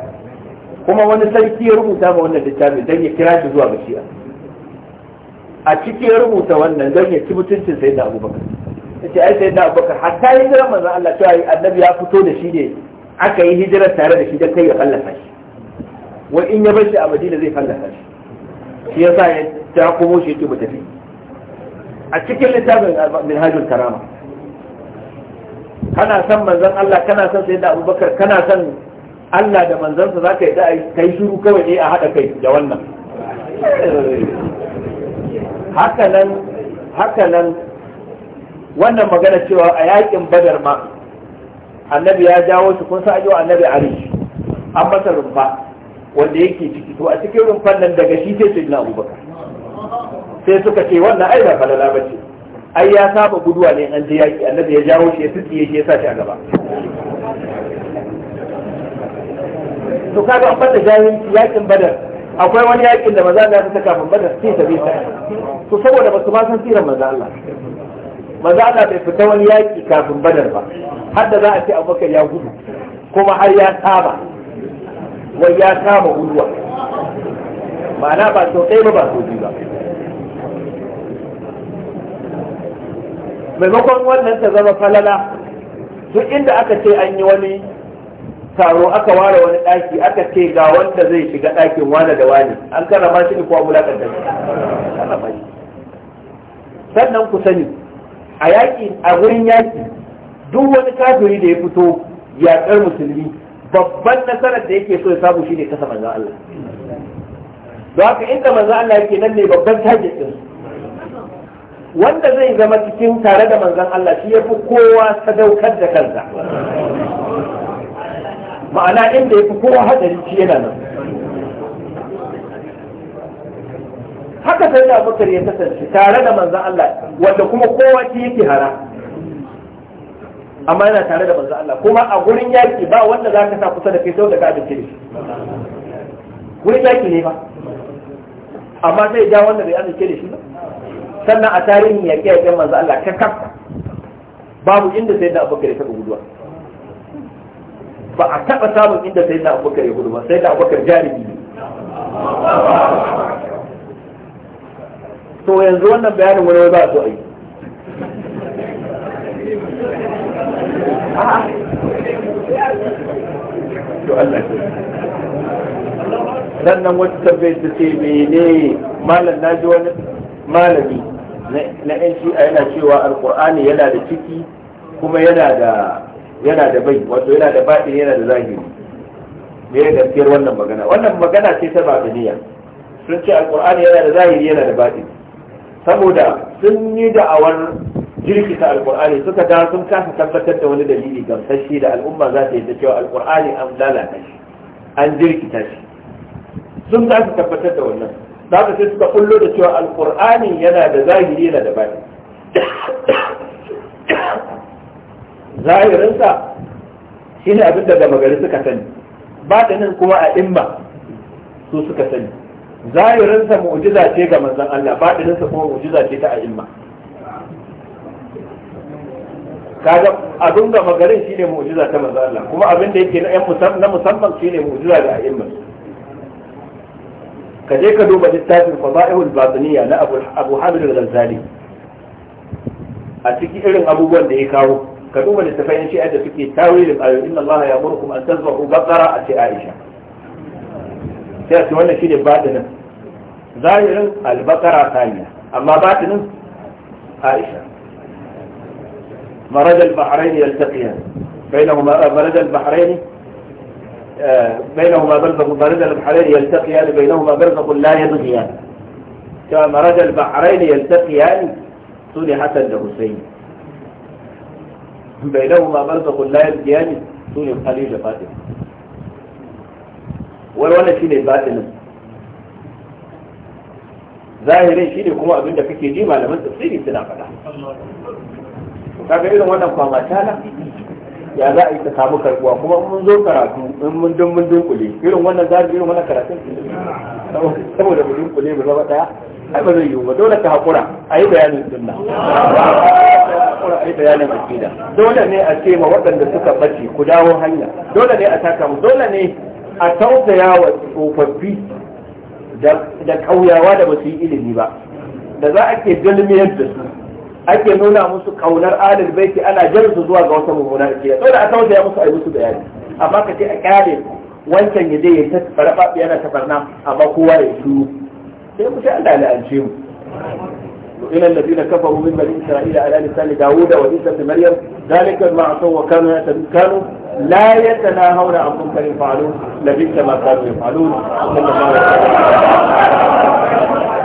kuma wani sarki ya rubuta ma wannan littafin dan ya kira shi zuwa ga shi'a a cikin rubuta wannan dan ya ci mutuncin sayyidina abubakar yace ai sayyidina abubakar hatta hijirar manzon Allah cewa annabi ya fito da shi ne aka yi hijirar tare da shi dan kai ya fallasa shi wai in ya bar shi a madina zai fallasa shi shi yasa ya ta komo shi yake tafi a cikin littafin minhajul karama kana san manzon Allah kana san sayyidina Abubakar kana san Allah da manzansa za ka yi da'a kai shiru kawai ne a haɗa kai da wannan hakanan wannan magana cewa a yakin badar ma annabi ya jawo shi kun sa sa'ajo annabi ari an masa rumfa wanda yake ciki to a cikin rumfan nan daga shi sai sayyidina abubakar sai suka ce wannan ai ba falala bace ai ya saba guduwa ne an je yaki annabi ya jawo shi ya tsiye shi ya sa shi a gaba to kaga an fata jawin yakin badar akwai wani yakin da maza Allah ta kafin badar sai ta bi to saboda ba su ma san sirar maza Allah maza Allah bai fita wani yaki kafin badar ba har da za a ce Abubakar ya gudu kuma har ya saba wai ya kama guduwa ma'ana ba so ɗaya ba ba so biyu ba maimakon wannan ta zama falala duk inda aka ce an yi wani taro aka ware wani ɗaki aka ce ga wanda zai shiga ɗakin wane da wane an ma shi ne ko abulakan da sannan ku sani a yaƙi a wurin yaƙi duk wani kafiri da ya fito yaƙar musulmi babban nasarar da yake so ya samu shine kasa manzon Allah don haka inda manzon Allah yake nan ne babban target din wanda zai zama cikin tare da manzan Allah shi yafi kowa sadaukar da kansa ma'ana inda yafi kowa hadari shi yana nan haka sai da bakar ya kasance tare da manzon Allah wanda kuma kowa shi yake hara amma yana tare da manzo Allah kuma a gurin yaki ba wanda za ka sa kusa da kai sau da ka kiri ne gurin yaki ne ba amma zai ja wanda bai amince da shi ba sannan a tarihin yaƙe yaƙen manzo Allah ka kafa babu inda sai da abubakar ya taɓa guduwa ba a taɓa samun inda sai da abubakar ya gudu ba sai da abubakar jarumi ne to yanzu wannan bayanin wani wani ba a zo a yi sannan wata tabbai ta ce mene malam na ji wani malami na yan shi'a yana cewa alkur'ani yana da ciki kuma yana da bai wato yana da baɗi yana da zahiri me ya gaskiyar wannan magana wannan magana ce ta babiliya sun ce alkur'ani yana da zahiri yana da baɗi saboda sun yi da'awar jirkita alkur'ani suka da sun kasa tabbatar da wani dalili gamsashi da al'umma za ta yi ta cewa alkur'ani an lalata shi an jirkita shi sun kasa tabbatar da wannan za ka sai suka kullo da cewa alkur'ani yana da zahiri yana da bani zahirinsa shi ne abin da gama gari suka sani ba nan kuma a imma su suka sani zahirinsa mu'jiza ce ga manzon Allah batininsa kuma mu'jiza ce ta a'imma kaga abin dunga magarin shine mu'jiza ta manzo Allah kuma abin da yake na musamman shine mu'jiza da a'imma ka je ka duba littafin fada'ihul batiniya na Abu Hamid al-Ghazali a cikin irin abubuwan da ya kawo ka duba littafin shi shi'a da suke tawilin ayo inna Allah ya murkum an tazbahu baqara a ce Aisha sai a ce wannan shine batinin zahirin al-baqara thaniya amma batinin Aisha مرج البحرين يلتقيان بينهما مرج البحرين آه، بينهما برزق مرج البحرين يلتقيان بينهما برزق لا يبغيان كما مرج البحرين يلتقيان سوني حسن لحسين بينهما برزق لا يبغيان سوني خليل فاتح wani shi ne ظاهرين zahirin shi أبنى kuma abinda kake ji malaman tafsiri suna kaga irin wannan kwamata na ya za a yi ta samu karbuwa kuma mun zo karatu in mun dun mun dunkule irin wannan zabi irin wannan karatun saboda mu dunkule mu zama daya ai ba zai yi ba dole ka hakura a yi bayanin sunna hakura bayanin akida dole ne a ce ma waɗanda suka bace ku dawo hanya dole ne a taka mu dole ne a tausaya wa tsofaffi da ƙauyawa da ba su yi ilimi ba da za a ke dalmiyar da su ake nuna musu kaunar alil baiti ana jan zuwa ga wata mummuna da kiyar da a tausaya musu a yi musu bayani amma ka ce a kyale wancan ya je ya ta farfaɗi yana ta farna amma kowa ya su sai mu sai Allah ya la'ance mu إلى الذين كفروا من بني إسرائيل على لسان داوود وعيسى بن مريم ذلك ما عصوا وكانوا كانوا لا يتناهون عن منكر يفعلون لبئس ما كانوا يفعلون صلى الله عليه وسلم